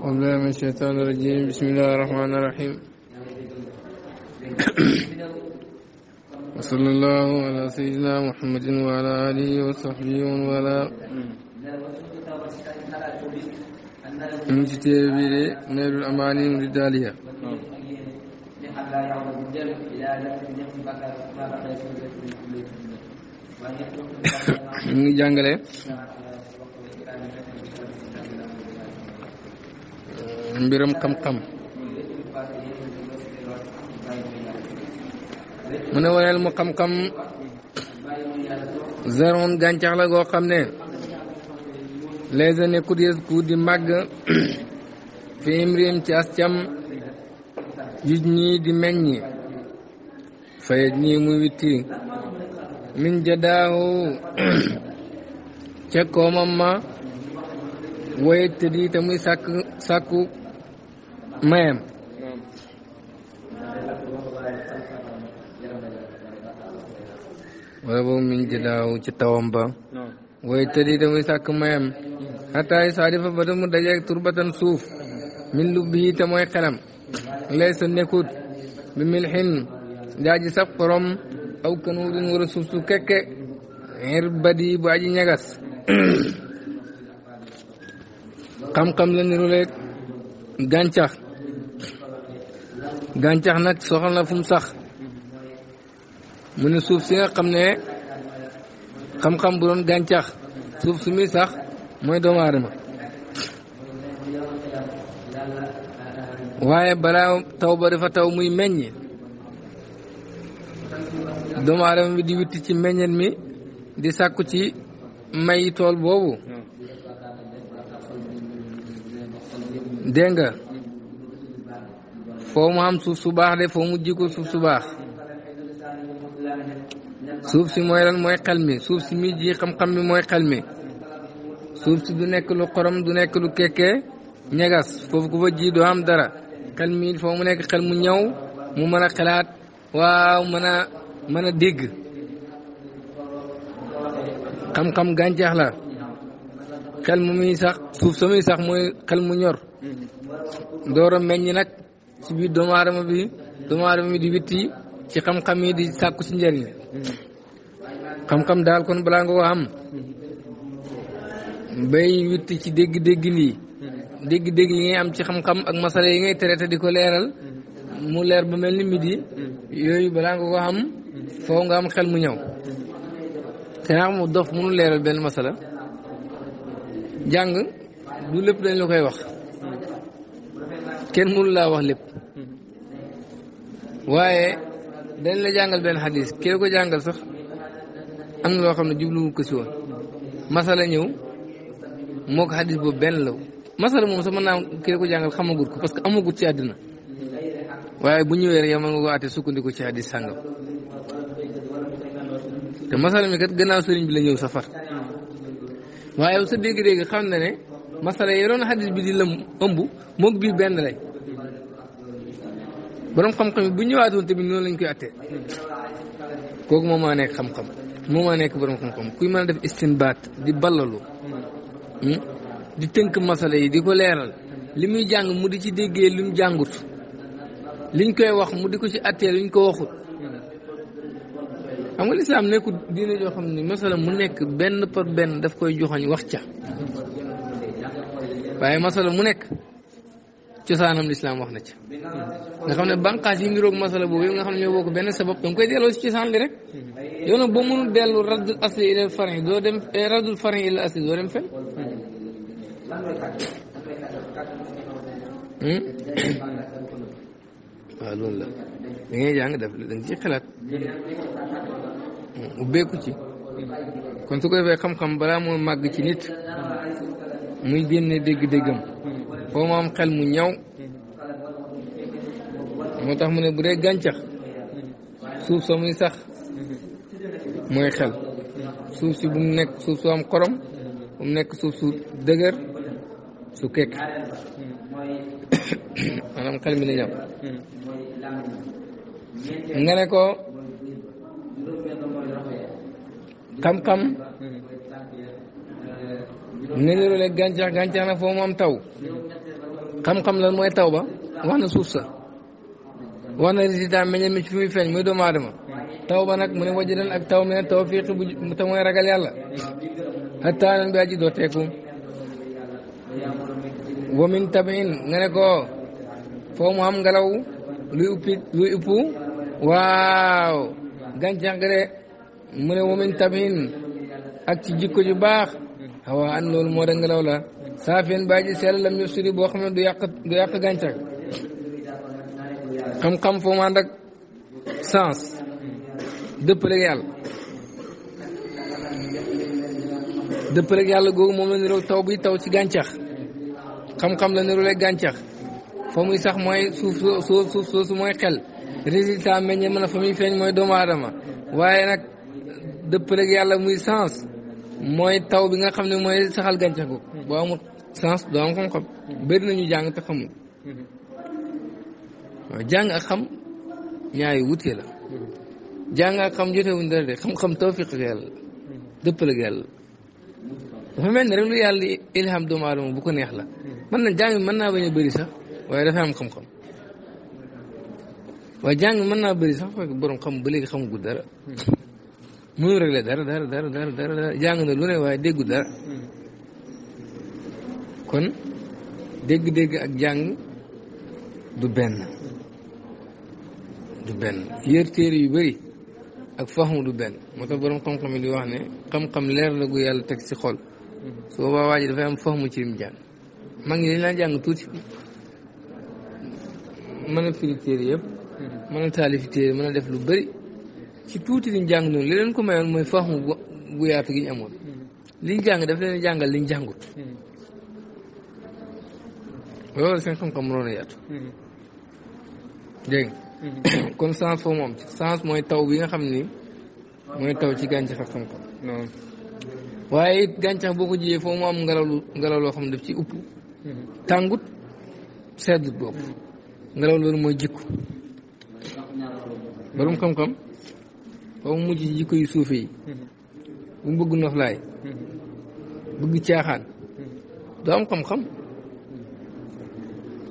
أعوذ بالله من الشيطان الرجيم بسم الله الرحمن الرحيم وصلى الله على سيدنا محمد وعلى آله وصحبه ومن والاه من كتاب نيل الأماني من رجالها من جانجلة mbiram xam-xam mu ne waneel mu xam-xam zeron gàncax la goo xam ne les années ku des ku di màgg fi imrim ci as cam yuj ñii di meññi fayet ñii mu witti min jadaahu ca koomam ma wayet te te muy sàkku mayam wala boobu min jëdaaw ci tawam ba way tëddi damuy sàkk mayam xataa yi saadifa ba mu dajeeg turbatan suuf min lu bii mooy xelam lay sa bi mil xin daa ji aw kanuudin war a suuf kekke xir badi bu ñagas xam-xam la niru leeg gàncax nag soxal na fu mu sax mu ne suuf si nga xam ne xam-xam bu doon gàncax suuf su muy sax mooy doomu aadama waaye balaa taw ba dafa taw muy meññ doomu aadama bi di witti ci meññet mi di sàkku ci may tool boobu dégg nga foo mu am suuf su baax de foo mu jikko suuf su baax suuf si mooy lan mooy xel mi suuf si mi ji xam-xam mi mooy xel mi suuf si du nekk lu xorom du nekk lu kekkee ñagas foofu ku fa ji doo am dara xel mi foo mu nekk xel mu ñaw mu mën a xalaat waaw mën a mën a dégg xam-xam gàncax la xel mu mi sax suuf sa muy sax mooy xel mu ñor door a meññ nag ci biir doomu aadama bi doomu bi di witti ci xam-xam yi di sàkku ci njëriñ xam-xam daal kon balaa nga ko am bay witti ci dégg-dégg lii dégg-dégg yi ngay am ci xam-xam ak masala yi ngay traité di ko leeral mu leer ba mel ni midi yooyu balaa nga ko am foo nga am xel mu ñëw te naa mu dof mënu leeral benn masala jàng du lépp dañ la koy wax kenn mënu laa wax lépp waaye dañ la jàngal benn xadis kii ko jàngal sax am na loo xam ne jubluwu ko si woon masala ñëw moo ko xadis boobu benn law masala moom sax mën naa kii ko jàngal xamagut ko parce que amagut ci àddina waaye bu ñëwee rek yow nga ko àtte sukkandiku ci xadis sàngam te masala mi kat gannaaw sëriñ bi la ñëw safar waaye sa dégg-dégg xam na ne masala yoroon xadis bi di lëm ëmb moom bii benn lañ borom xam-xam bu ñëwaatoon tamit noonu lañ koy attee kooku moom maa nekk xam-xam moom maa nekk borom xam-xam kuy mën a def istinbaat di ballalu hmm, di tënk masala yi di ko leeral li muy jàng mu di ci déggee lu mu jàngut liñ koy wax mu di ko ci attee luñ ko waxut xam nga lislaam nekkul diine joo xam ne masala mu nekk benn par benn daf koy joxoñ wax ca waaye masala mu nekk cosaanam lislaam wax na ci nga xam ne banqaas yi niroog masala boobu yow nga xam ne ñoo bokk benn sabab danga koy delloo ci cosaan li rek yow nag boo mënul dellu raddul asli ila farin doo dem eh, raddul farin ila asli doo dem fen hmm? waaw loolu la da ngay jàng daf da nga ciy xalaat hmm, ubbeeku ci kon su ko defee xam-xam balaa moo màgg ci nit muy génne dégg-déggam foo mu am xel mu ñaw moo tax mu ne bu dee gàncax suuf sa muy sax mooy xel suuf si bu mu nekk suuf su am xorom bu mu nekk suuf su dëgër su kekk maanaam xel mi na ñaw nga ne ko xam-xam ne niroole gàncax gàncax na foo moom taw xam-xam lan mooy taw ba wax na suuf sa wax na résultat meññal mi fi muy feeñ muy doomu aadama taw ba nag mu ne wajë dan ak taw mene taw fiiqi bu te mooy ragal yàlla ko foo am ngelaw luy uppi luy uppu waaw gàncax ga de mu ne wa min ak ci jikko ju baax xawaa loolu moo da ngelaw la saafeen bàyyi seel lam yëfsuri boo xam ne du yàq du yàq gàncax xam-xam foo mu ànd ak yàlla dëppaleeg moom la niroog taw bi taw ci gàncax xam-xam la gàncax fa muy sax mooy suuf soo suuf soosu mooy xel résultat meññe mën a fa muy feeñ mooy doomu aadama waaye nag dëppaleeg yàlla muy sens mooy taw bi nga xam ne mooy saxal gàncax gu boo amul sens doo am xam-xam bëri nañu jàng te xamul waaw jàng ak xam ñaari wutee la jàng ak xam jotewuñ dara de xam-xam tawfiq ak yàlla dëppal ak yàlla dafa mel ne rek lu yàlla ilham doomu aadama bu ko neex la mën na jàng mën naa bañ a bëri sax waaye dafa am xam-xam waaye jàng mën naa bëri sax fekk borom ba léegi xamagul dara mënul réglé dara dara dara dara jàng na lu ne waaye déggu dara kon dégg-dégg ak jàng du benn du benn yër téere yu bëri ak faxmu du benn moo tax borom xam-xam yi di wax ne xam-xam leer la gu yàlla teg ci xol su boobaa waa dafay am faxmu ci lim jàng maa ngi leen laa jàng tuuti mën a firi téere yëpp mën a taalifi téere mën a def lu bëri ci tuuti liñ jàng noonu li leen ko mayoon mooy faaxum bu yaatu gi ñu amoon mm-hmm. liñ jàng daf leen jàngal liñ jàngut mm-hmm. loolu seen xam-xam mënoon a yaatu mm-hmm. kon sens foofu moom ci sens mooy taw bi nga xam ni mooy taw ci gàncax ak xam-xam waaye it gàncax boo ko jiyee foofu mu am ngelaw ngelaw loo xam ne daf ci upp tàngut loolu mooy jikku borom xam-xam ba mu mujj jikko yu suufe yi bu mm-hmm. mu bëgg noflaay mm-hmm. bëgg caaxaan mm-hmm. du xam-xam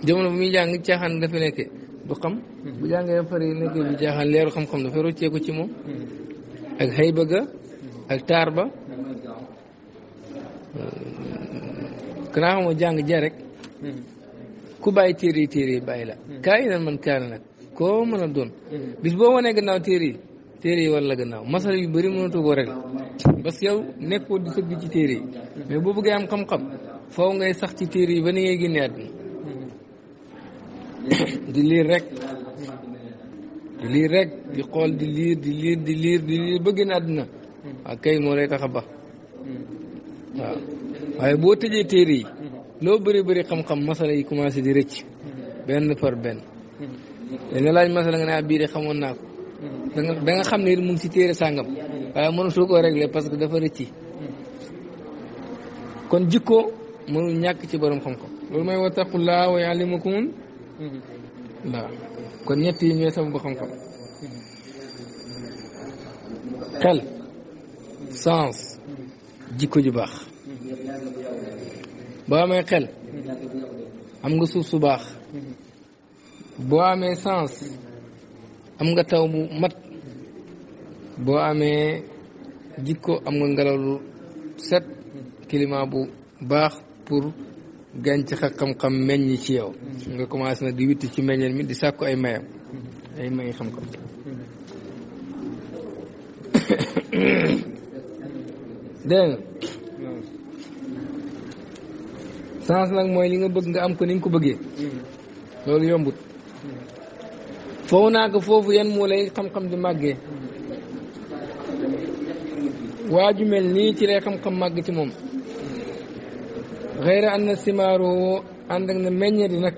jamono muy jàng caaxaan dafa nekke du xam bu jàngee pare nekkee bu caaxaan leeru xam-xam dafa rocceeku ci moom ak xayba ga ak taar ba kanaa xamoo jàng ja ku bàyyi téere téere bàyyi la kaa yi man kaa nag koo mën a doon bis boo wanee gannaaw téere téré wala gannaaw masal yu bëri mënatoo ko rek parce yow nekko di tëgg ci téré mais boo bëggé am xam-xam foo ngay sax ci téré ba ni ngay génnee di liir rek di liir rek di xol di liir di liir di liir di liir ba na àdduna ak ah, kay mo lay taxa ba waaw waaye boo tëjee téere yi loo bëri bëri xam-xam masala yi commencé di rëcc benn par benn dañ laaj masala nga ne ah bii de xamoon naa ko ba nga xam ne mu ngi ci téere sàngam waaye mënu soo ko réglé parce que dafa rëcci kon jikko mënul ñàkk ci borom xam-xam loolu mooy xel sens jikko ju baax boo amee xel am nga suuf su baax boo amee sens am nga taw bu mat boo amee jikko am nga ngelaw lu set climat bu baax pour gàncax ak xam-xam meññ ci yow nga commencé nag di witti ci meññeen mi di sàkku ay mayam ay may xam-xam dégg nga nag mooy li nga bëgg nga am ko ni nga ko bëggee loolu yombut foofu naa ko foofu yan moo lay xam-xam di màggee waa ju mel nii ci lay xam-xam màgg ci moom xëyra an na simaaro ànd ak na meññe di nag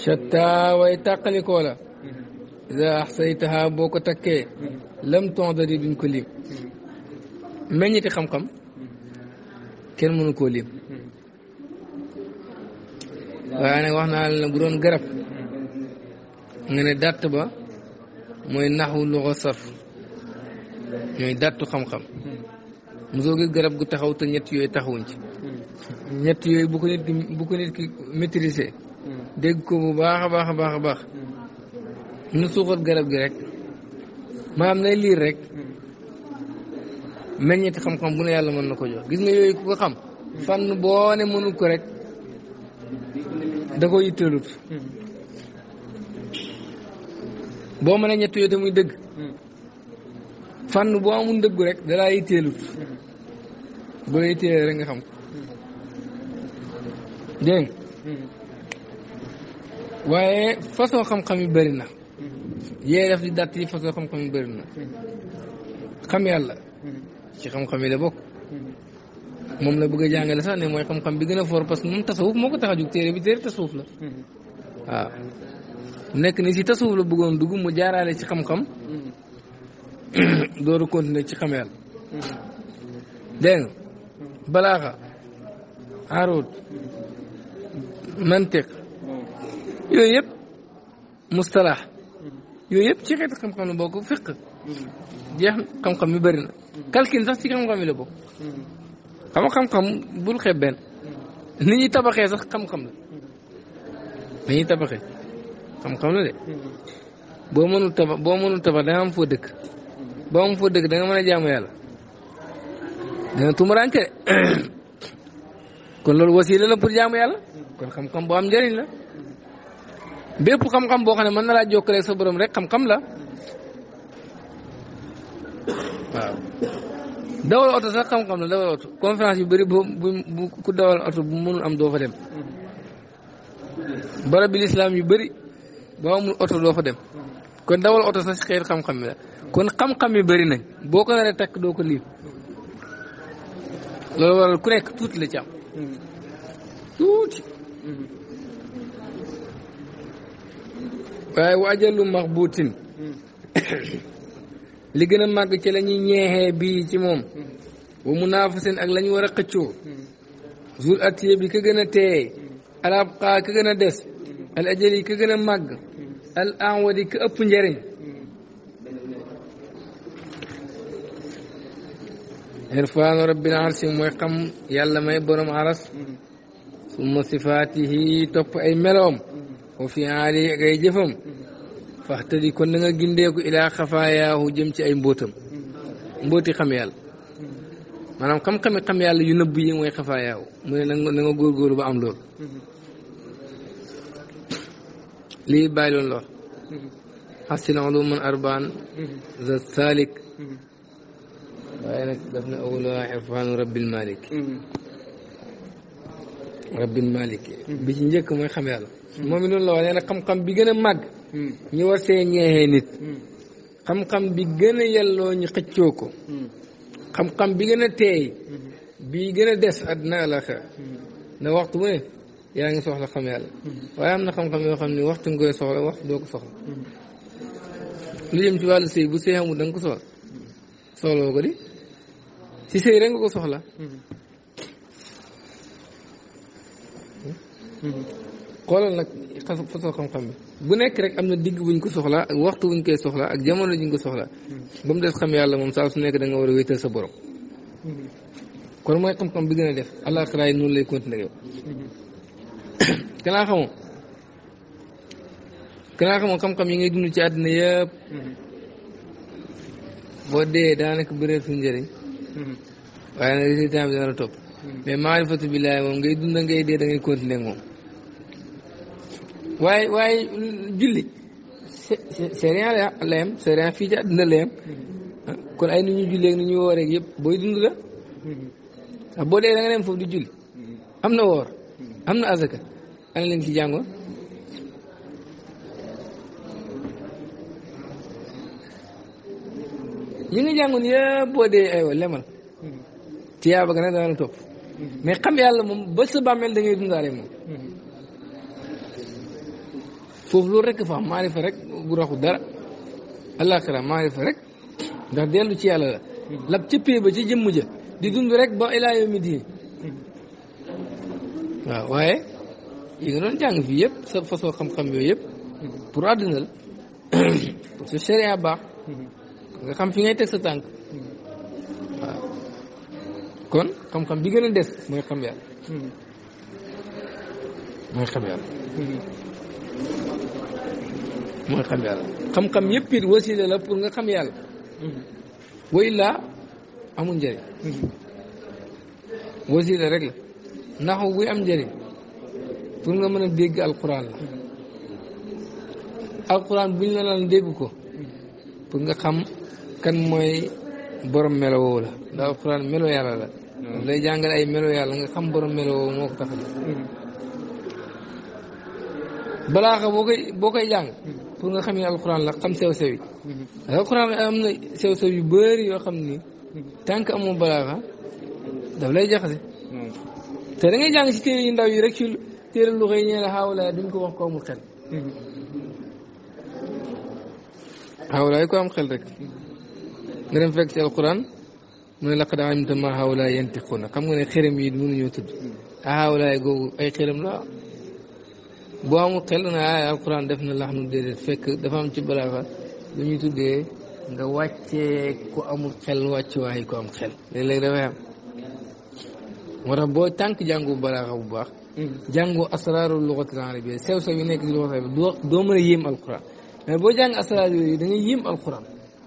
chatta way tàqalikoo la ida axsaytaha boo ko takkee lam tondari duñ ko lim meññeti xam-xam kenn mënu koo lim waaye nag wax naa la bu doon garab nga ne dàtt ba mooy naxu luxa sarf ñooy dattu xam-xam mosoo gis garab gu taxaw te ñett yooyu taxawuñ ñett yooyu bu ko nit ki bu ko ko bu baax a baax a baax a baax nu suuxat garab gi rek maam nay liir rek meññeeti xam-xam bu ne yàlla mën na ko jox gis nga yooyu ku ko xam fànn boo ne mënul ko rek da ko yitteelut hmm. boo mënee ñett yooyu te muy dëgg hmm. fànn boo amul dëggu rek dalaa yitteelut boo yitteelee rek nga xam ko dégg waaye façon xam-xam yi bëri na yee def di datt yi façon xam-xam yi bëri na xam yàlla ci xam-xam yi la bokk moom la bëgg a jàngale sax ne mooy xam-xam bi gën a foor parce moom tasawuf moo ko tax a jug téere bi téere tasawuf la mm-hmm. waaw nekk ni si tasawuf la bëggoon dugg mu jaaraale ci xam-xam dooru continuer ci xam yàlla balaaxa arut mantiq yooyu yëpp mustalaax yooyu yëpp ci xeeti xam-xam la bokk fiq jeex xam-xam mi bëri na calcul sax ci xam-xam yi la bokk xam xam bul xeeb nit ñi tabaxee sax xam-xam la nit ñi tabaxee xam-xam la de boo mënul tabax boo am foo dëkk ba mu fa dëkk da nga mën a jaamu yàlla nga tumuranke de kon loolu wasiila la pour jaamu yàlla kon xam-xam boo am njëriñ la bépp xam-xam boo xam ne mën na laa jokkaleeg sa borom rek xam-xam la waaw dawal oto sax xam-xam la dawal oto conférence yu bëri bu bu ku dawal oto bu mënul am doo fa dem barab l'islam yu bëri boo amul oto doo fa dem kon dawal oto sax xeet xam-xam la kon xam-xam yi bëri nañ boo ko naree takk doo ko liir loolu waral ku nekk tuuti la ci am tuuti waaye waajalu max buutin hmm. li gën a màgg ci lañuy ñuy ñeexee bii ci moom hmm. wa munaafasin ak la war a xëccoo hmm. zul atiye bi ka gën a teeye al abqaa ka gën a des al ajali ka gën a màgg al anwadi ka ëpp njëriñ عرفان رب العرش ويقم يلا ما يبرم عرس ثم صفاته توب اي ملوم وفي عالي غي جفم فاهتدي كن نغا غينديكو الى خفاياه جيمتي اي مبوتم مبوتي خم يال مانام كم كم خم يال يو نوب يي موي خفاياه موي نغا غور غور با ام لول لي بايلون لو حسن علوم من اربان ذا سالك waaye nag daf na awluha irfaanu rabbil malik mm. rabbil malik mm. bi ci njëkk mooy xam yàlla mm. moom it loolu la wax nee xam-xam bi gën a màgg ñu xam-xam bi gën a ñu xëccoo ko xam bi gën a teey mm-hmm. bi gën a des àddina àlaxa na waxtu bu yaa ngi soxla xam yàlla mm-hmm. waaye am na xam-xam yoo xam ne waxtu nga koy soxla waxtu doo ko soxla mm-hmm. lu jëm ci wàll sëy bu sëy amul da ko soxla soxla woo ko di ci sëy rek nga ko soxla xoolal nag façon xam-xam bi bu nekk rek am na digg buñ ko soxla ak waxtu buñ koy soxla ak jamono juñ ko soxla ba mu des xam yàlla moom saa su nekk da nga war a wéetal sa borom kon mooy xam-xam bi gën a def àllaaxira yi noonu lay continuer yow kanaa xamoo kanaa xamoo xam-xam yi ngay dund ci àddina yëpp boo dee daanaka bëreetul njëriñ waaye nag résultat bi dana topp mais maarifatu billaahi moom ngay dund ngay dee da ngay continuer moom waaye waaye julli c'est la yem c'est rien fii ci àdduna la kon ay nu ñuy jullee nu ñuy wooree yëpp booy dund la ndax boo dee da nga foofu di julli am na woor am na azaka ana leen ci jàngoon li nga jàngoon yëpp boo dee aywa lemal tiyaaba gën a dana topp mhm. mais xam yàlla moom ba sa bàmmeel da ngay dundaale moom mhm. foofu loolu rek fa maarifa rek bu raxu dara alaxira maarifa rek ndax dellu ci yàlla la mhm. lab ca pée ba jëmm ja di dund rek ba ilaa yawmi diin waaw waaye yi doon jàng fii yëpp sa façon xam-xam yooyu yëpp pour àddina la pour sa baax nga xam fi ngay teg sa tànk waaw kon xam-xam bi gën a des mooy xam yàlla mooy xam yàlla xam xam-xam wasila la pour nga xam yàlla wa illaa amul njëriñ wasila rek la naxu buy am njëriñ pour nga mën a dégg alquran la alquran buñ la naan dégg ko pour nga xam kan mooy borom melo la ndax alxuraan melo yàlla la daf hmm. lay jàngale ay melo yàlla nga xam borom melo woowu moo ko tax hmm. balaaxa boo koy jàng hmm. pour nga xam ne alxuraan la xam sew sew yi alxuraan am na sew sew yu yoo xam ni tànk amoo balaaxa daf lay jaxase te da ngay jàng ci téere yu ndaw yi rek ci téere lu ko wax ko amul xel xaawalaay ko am xel rek nga dem fekk ci alquran mu ne laqad alimta ma haawlaa yantiquuna xam nga ne xërëm yi mënuñoo tudd ah, haawlaay googu ay xërëm la boo amul xel na ay ah, def na laxnu déedéet fekk dafa am ci balaaga lu ñuy tuddee nga wàccee ku amul xel wàcce waaye ku am xel léeg-léeg dafay am moo tax boo tànk jàngu balaaga bu baax jàngu asraaru lugatil arabiyya sew sew yi nekk ci lugatil arabiyya doo mën a yéem alquran mais boo jàng asraar yooyu da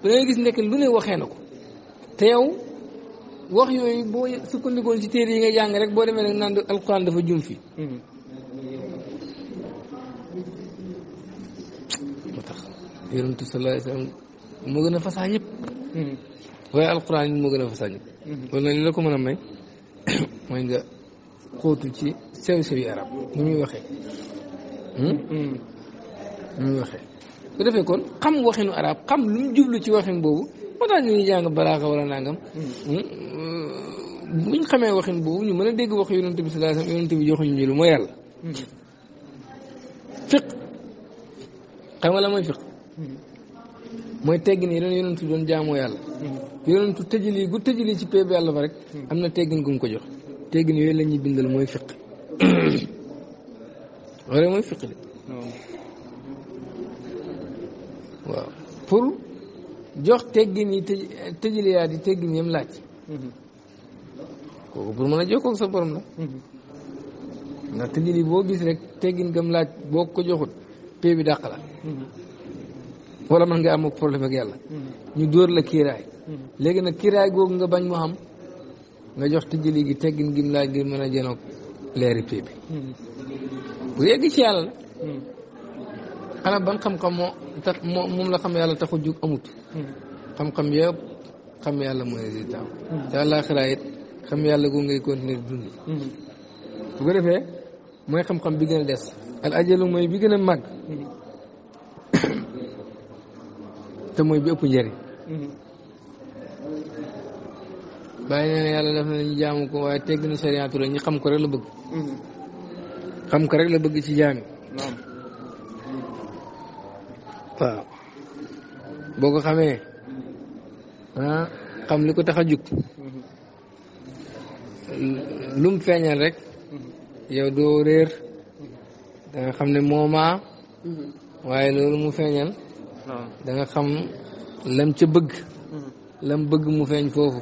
da ngay gis nekk lu ne waxee na ko te yow wax yooyu boo sukkandikoon ci téere yi nga jàng rek boo demee rek naan alquran dafa jum fi moo tax gën a fasaa ñëpp waaye alquran yi moo gën a fasaa ñëpp loolu nag li la ko mën a may mooy nga xóotu ci sew sew yi arab ni muy waxee hmm? Hmm. ni muy waxee su defee kon xam waxinu arab xam lu mu jublu ci waxin boobu moo tax ñu jàng balaaxa wala nangam. buñ xamee waxin boobu ñu mën a dégg wax yonent bi sallallahu alayhi wasallam yonent bi joxuñu ñu lu mooy yàlla. fiq xam nga la mooy fiq mooy teggin yi doon yonent bi doon jaamoo yàlla. yonent tëjali gu tëjali ci ba rek. am na teggin gu mu ko jox teggin yooyu la ñuy bindal mooy fiq loolu mooy fiq de. waaw pour jox teggin yi tëj tëjaliyaat yi teggin yam laaj mhm. kooku pour mën a jokkoo sa borom na mhm. ndax tëjali boo gis rek teggin gam laaj boo ko joxut pee bi dàq la mhm. wala man nga am ak problème ak yàlla ñu dóor la kiiraay léegi nag kiiraay googu nga bañ mu am nga jox tëjali gi teggin gim laaj ngir mën a jenoog leeri pee bi bu yegg ci yàlla la ana ban xam-xam moo tax moom la xam yàlla taxu jug amut hmm. xam-xam yëpp xam yàlla mooy résultat hmm. te àllaaxira xam yàlla gu ngay continuer di dund bu hmm. ko defee mooy xam-xam bi gën a des al ajalu mooy bi gën a màgg te mooy bi ëpp njëriñ bàyyi nee yàlla def na ñu jaamu ko waaye tegg na sariyaatu la xam ko rek la bëgg xam ko rek la bëgg ci jaami waaw boo ko xamee ah, xam li ko tax a jug lum feeñal rek yow doo réer da nga xam ne moomaa waaye loolu mu feeñal danga xam lam ca bëgg lam bëgg mu feeñ foofu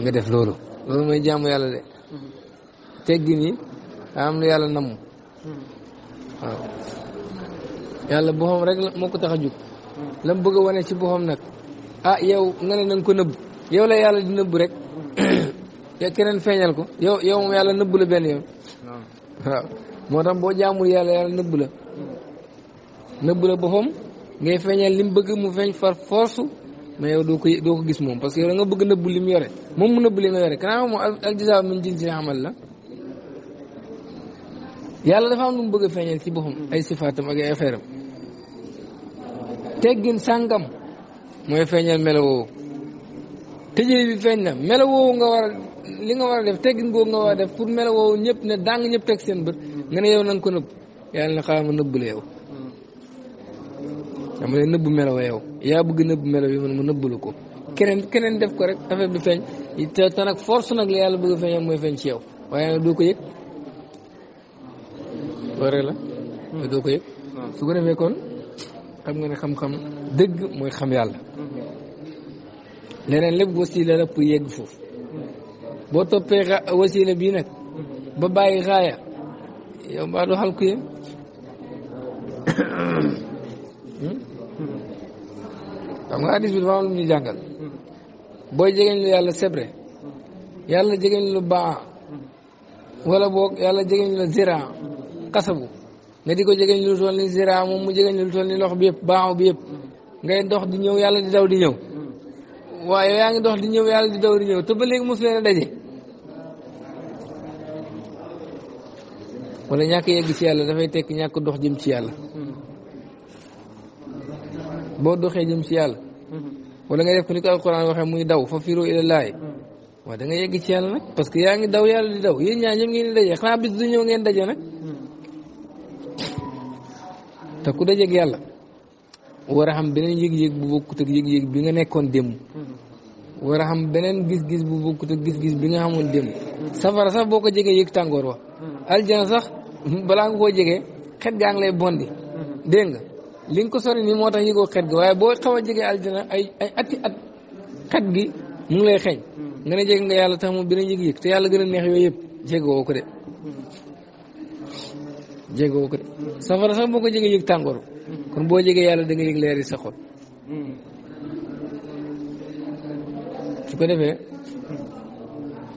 nga def loolu loolu mooy jaamu yàlla de teggin yi am lu yàlla namm waaw yàlla boppam rek moo ko tax a jóg la mu bëgg a wane ci boppam nag ah yow nga ne na ko nëbb yow la yàlla di nëbb rek keneen feeñal ko yow yow moom yàlla nëbb la benn yoon waaw boo jaamul yàlla yàlla nëbb la nëbb la ngay feeñal li mu bëgg mu feeñ far force mais yow doo ko gis moom parce que yow da nga bëgg nëbb li mu yore moom mu nëbb li nga yore kanaa moom aljaza min jinsi amal la yàlla dafa am lu mu bëgg a feeñal ci boppam ay sifaatam ak ay affaire teggin sàngam mooy feeñal melowoowu tëjee bi feeñ na melowoowu nga war a li nga war a def teggin googu nga war a def pour melowoowu ñëpp ne dang ñëpp teg seen bët nga ne yow na ko nëbb yàlla na xaaral ma nëbb la yow yaa bëgg nëbb melaw yi man ma ko keneen keneen def ko rek affaire bi feeñ te te nag force nag yàlla bëgg a feeñal mooy feeñ ci yow waaye nag doo hmm. doo ko yëg hmm. su ko defee kon xam nga ne xam-xam dëgg mooy xam yàlla leneen lépp wasila la pour yegg foofu boo toppee wasila bii nag ba bàyyi raaya yow mbaa du xalku yem xam nga hadis bi dafa am lu jàngal booy jegeñ lu yàlla sebre yàlla jegeñ lu baa wala boog yàlla jegeñ la zira xasabu nga di ko jegeñ lu toll ni zira moom mu jegeñ lu toll ni loxo bi yëpp baaxu bi yëpp ngay dox di ñëw yàlla di daw di ñëw waaye yaa ngi dox di ñëw yàlla di daw di ñëw te ba léegi mos leen a daje wala ñàkk yegg dafay tekk ñàkk dox jëm ci yàlla boo doxee jëm ci yàlla wala nga def ko ni ko alquran waxee muy daw fa firu ila laay waaw da nga yegg ci yàlla nag parce yaa ngi daw yàlla di daw yéen ñaa ñoom ngeen di daje xanaa bis du ñëw ngeen daje nag te ku dajeeg yàlla war a xam beneen yëg-yëg bu bokkut ak yëg-yëg bi nga nekkoon démb war a xam beneen gis-gis bu bokkut ak gis-gis bi nga xamoon démb safara sax boo ko jegee yëg tàngoor wa aljana sax balaa nga koo jegee xet gaa ngi lay bondi dégg li nga ko sori nii moo tax yëgoo xet ga waaye boo xaw a jege aljana ay ati at xet gi mu ngi lay xeeñ nga ne jege nga yàlla tax moom beneen yëg-yëg te yàlla gën a neex yooyu yëpp jegewoo ko de jégoo ko de safara sax boo ko jege yëg tàngoor kon boo jegee yàlla da nga yëg leeri sa xol su ko defee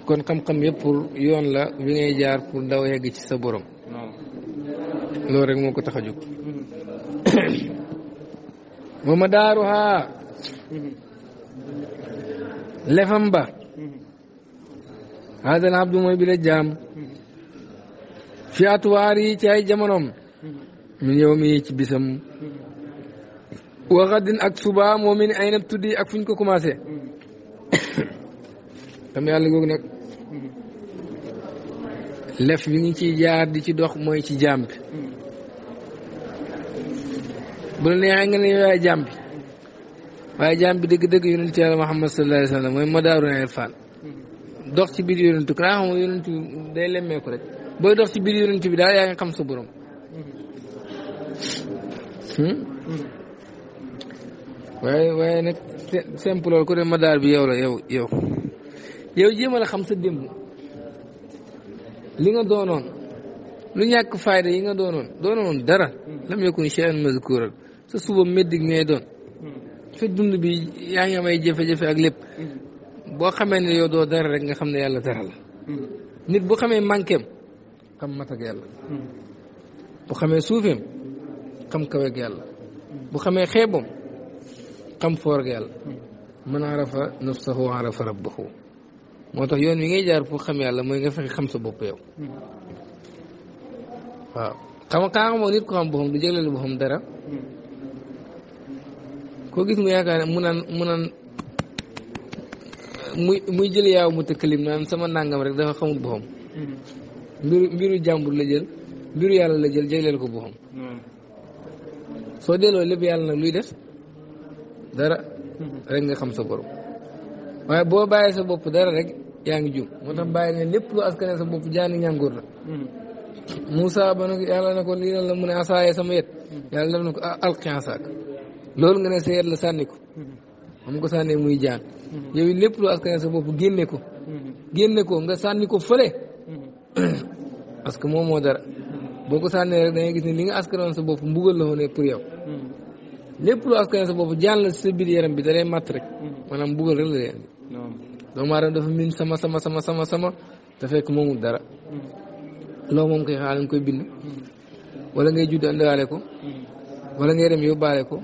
kon xam-xam yëpp pour yoon la bi ngay jaar pour daw yegg ci sa borom loolu rek moo ko tax a jóg wa ma daaruha lefam ba hadal abdu mooy bi la jaam fi atuwaar yi ci ay jamonoom min yow mi ci bisam waxadin ak suba moo mi ne ay nab tuddi ak fuñ ko commencé xam yàlla googu nag lef bi ngi ciy jaar di ci dox mooy ci jaam bi bu la neexee nga ne yow yaay jaam bi waaye jaam bi dëgg-dëgg yonent yàlla Muhammad sallallahu alayhi wa sallam mooy madaaru irfaan dox ci biir yonentu kanaa xam nga yonentu day lemmeeku rek booy dox ci biir yonent bi daal yaa ngi xam sa borom. Hmm? waaye waaye nag simple loolu ku madaar bi yow la yow yow yow jéemal a xam sa démb li nga doonoon lu ñàkk fayda yi nga doonoon doonoon dara lam yakun shay'an mazkuran sa suba meddig ngay doon sa dund bi yaa ngi am ay jafe ak lépp boo xamee ne yow doo dara rek nga xam ne yàlla dara la hmm. nit bu xamee manqué am xam mat ak bu xamee suufeem xam kaweeg yàlla bu xamee xeeboom xam foor ak yàlla man arafa nafsahu arafa rabbahu moo tax yoon wi ngay jaar pour xam yàlla mooy nga fexe xam sa bopp yow waaw xam kaa xamoo nit ko xam boppam du jëgleel boppam dara koo gis mu yaakaar ne mu naan mu naan muy muy jël yaaw mu tëkkalim naan sama nàngam rek dafa xamul boppam mbiru mbiru jàmbur la jël mbiru yàlla la jël jagleel ko boppam soo delloo lépp yàlla nag luy def dara rek nga xam sa borom waaye boo bàyyee sa bopp dara rek yaa ngi juum moo tax bàyyi ne lépp lu askane sa bopp ba nag yàlla na ko mu ne asaaye sama yet yàlla na ko ah, loolu nga ne sa yet la sànni ko xam ko sànnee muy jaan yow lépp lu askane bopp génne ko ko nga sànni ko fële parce que moom moo dara boo ko sànnee rek da ngay gis ne li nga askanoon sa bopp mbugal la woon pour yow hmm. lépp lu askanoon sa bopp jàll na sa biir yaram bi da lay matt rek hmm. maanaam mbugal rek la lay andi hmm. doomu aadama dafa miin sama sama sama sama sama te fekk moomul dara loo moom koy xaal nga koy bind wala ngay judd andiwaale ko wala ngay dem yóbbaale ko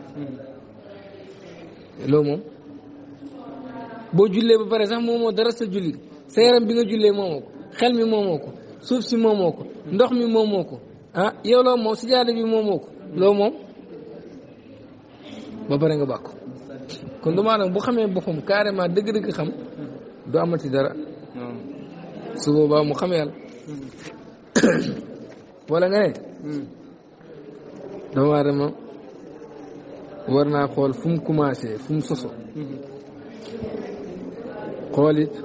loo moom boo jullee ba pare sax moomoo dara sa julli sa yaram bi nga jullee moomoo ko xel mi moomoo ko suuf si moomoo ko ndox mi moomoo ko ah yow loo moom sijaada bi moomoo ko loo moom ba pare nga bàkku kon doomu aadama bu xamee boppam carrément dëgg-dëgg xam du amati dara su boobaa mu xam yàlla wala nga ne doomu aadama war naa xool fum mu commencé fu mu soso mm-hmm. xool it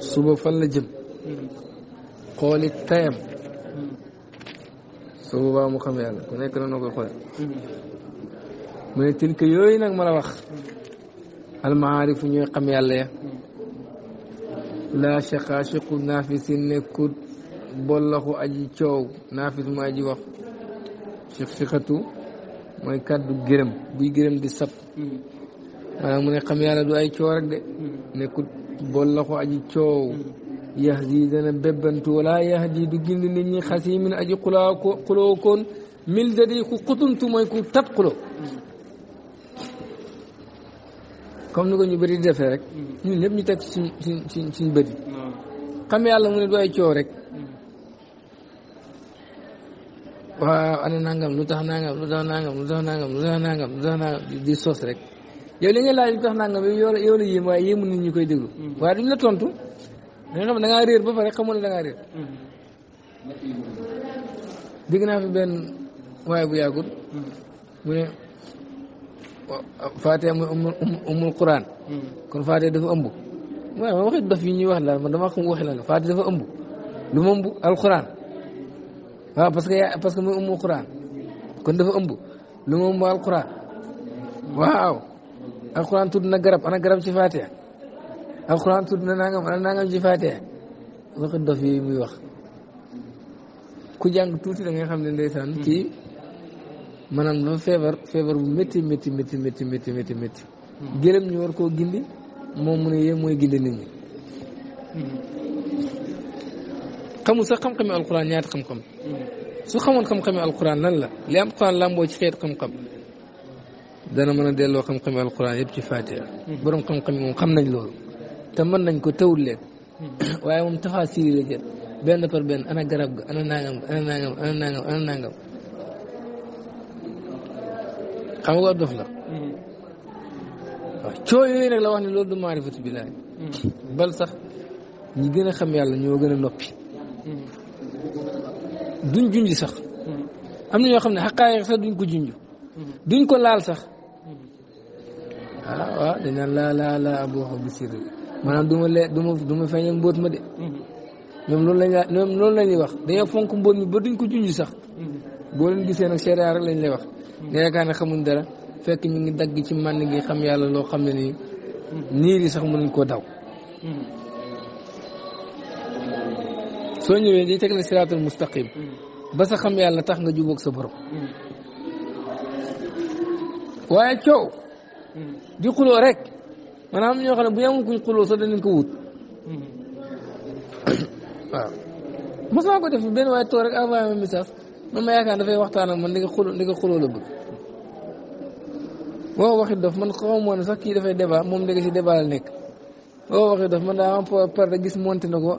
suba fan la jëm xooli tayam su boobaa mu xam yàlla ku nekk noonu koy xool mu ne tilk yooyu nag ma la wax almaarifu ñooy xam yàlla ya laa shaqa shiqu naafisin nekkut bollaxu aji coow naafis mu aji wax shiq shiqatu mooy kàddu gërëm buy gërëm di sab hmm. maanaam mu ne xam yàlla du ay coow rek de hmm. nekkut bolla ko aji coow hmm. yahdi dana bebbantu wala yahdi duggindi nit ñi hasimin aji qulo kon mildadi ko kutumtu moy ko tatqulo comme ni ko ñu bëri defee rek hmm. ñun ñëpp ñu teg suñ suñ bëri hmm. xam yàlla mu ne du ay coow rek waaw ane nangam lu tax nangam lu tax nangam lu tax nangam lu tax nangam lu tax nangam di sos rek yow li nga laaj li tax nangam yow yow la yéem waaye yéemu nit ñi koy déglu mm-hmm. waaye duñ la tontu dañu xam da ngaa réer ba pare xamul ne da ngaa réer mm-hmm. naa fi benn waaye bu yàggul mm-hmm. mu ne Faatiha muy umul Quraan dafa ëmb waaw ma waxi yi ñuy wax daal man dama xam waxi dafa ëmb lu mu ëmb alquran waaw que parce que muy kon dafa ëmb lu mu ëmb alquran waaw alxuraan tudd na garab ana garab ci Fatiha alxuraan tudd na nangam ana nangam ci Fatiha waxi dof yooyu muy wax ku jàng tuuti da ngay xam ne ndeysaan hmm. kii maanaam dafa feebar feebar bu métti métti métti métti métti métti métti hmm. gëlëm ñu war koo gindi moom mu ne yéen mooy gindi nit ñi hmm. xamul sax xam-xami alxuraan ñaata xam-xam su xamoon xam-xami alxuraan lan la li am alxuraan làmboo ci xeet xam-xam dana mën a delloo xam-xami alquran yëpp ci fatiha hmm. borom xam-xam moom xam nañ loolu te mën nañ ko tawul leen hmm. waaye moom tafaasir yi benn par benn ana garab ga ana nangam xam nga dof la hmm. waaw coow yooyu nag la wax ne loolu du maarifatu billaahi bal sax ñi gën a xam yàlla ñoo gën a noppi duñ junj sax am na ñoo xam ne xaqaayiq sax duñ ko junj duñ ko laal sax ah waaw dañ naan laa laa laa ab waxu bi sirri maanaam du ma lee du ma du ma feeñal mbóot ma de. Mm-hmm. ñoom loolu lañ la loolu lañ ñuy wax dañoo fonk mbóot mi ba duñ ko junj sax. Mm-hmm. boo leen gisee nag seereer rek lañ lay wax. Mm-hmm. nga yaakaar xamuñ dara fekk ñu ngi dagg ci mànn gi xam yàlla loo xam ne nii. niir yi sax mënuñ koo daw. soo ñëwee di teg la siraatul mustaqim ba sa xam yàlla tax nga jubóog sa borom. waaye coow. di xuloo rek maanaam ñoo xam ne bu ñu amoon kuñ xuloo sax danañ ko wut ko def benn waaye toog rek envoyé ma message man waxtaan ak man di nga xuloo di nga xuloo la bëgg boo waxi dof sax kii dafay débat moom dégg si débat la nekk boo waxi dof man daa am par de gis monté na ko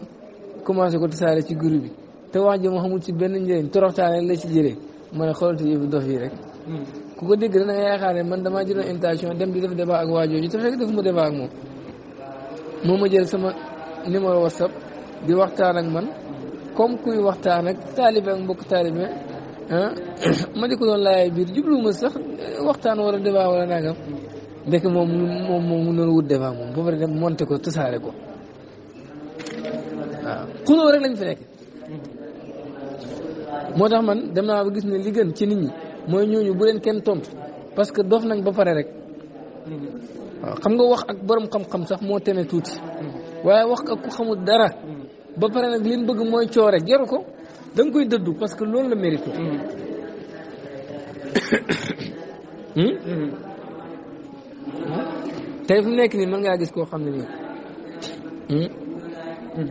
commencé ko tasaare ci groupe bi te wax ji ma xamul ci benn njëriñ toroxtaane la ci jëlee ma ne xoolati yëfu dof yi rek hmm. ku ko dégg da nga yaakaar ne man damaa jëloon intention dem di def débat ak waa jooju te fekk def mu débat ak moom moo ma jël sama numéro whatsapp di waxtaan ak man comme kuy waxtaan ak taalibe ak mbokk taalibe ah ma di ko doon laayee biir jubluwuma sax eh, waxtaan wala débat wala nangam ndek moom moom moom mu doon wut débat moom ba pare dem monté ko tasaare ko waaw xuloo rek lañ fi nekk moo tax man dem naa ba gis ne li gën ci nit ñi. mooy ñooñu bu leen kenn tontu parce que dof nañ ba pare rek xam nga wax ak borom xam-xam sax moo tene tuuti waaye wax ak ku xamul dara ba pare nag li bëgg mooy coore jaru ko da nga koy dëddu parce que loolu la mérite hmm? te fu nekk nii mën ngaa gis koo xam ne nii hmm?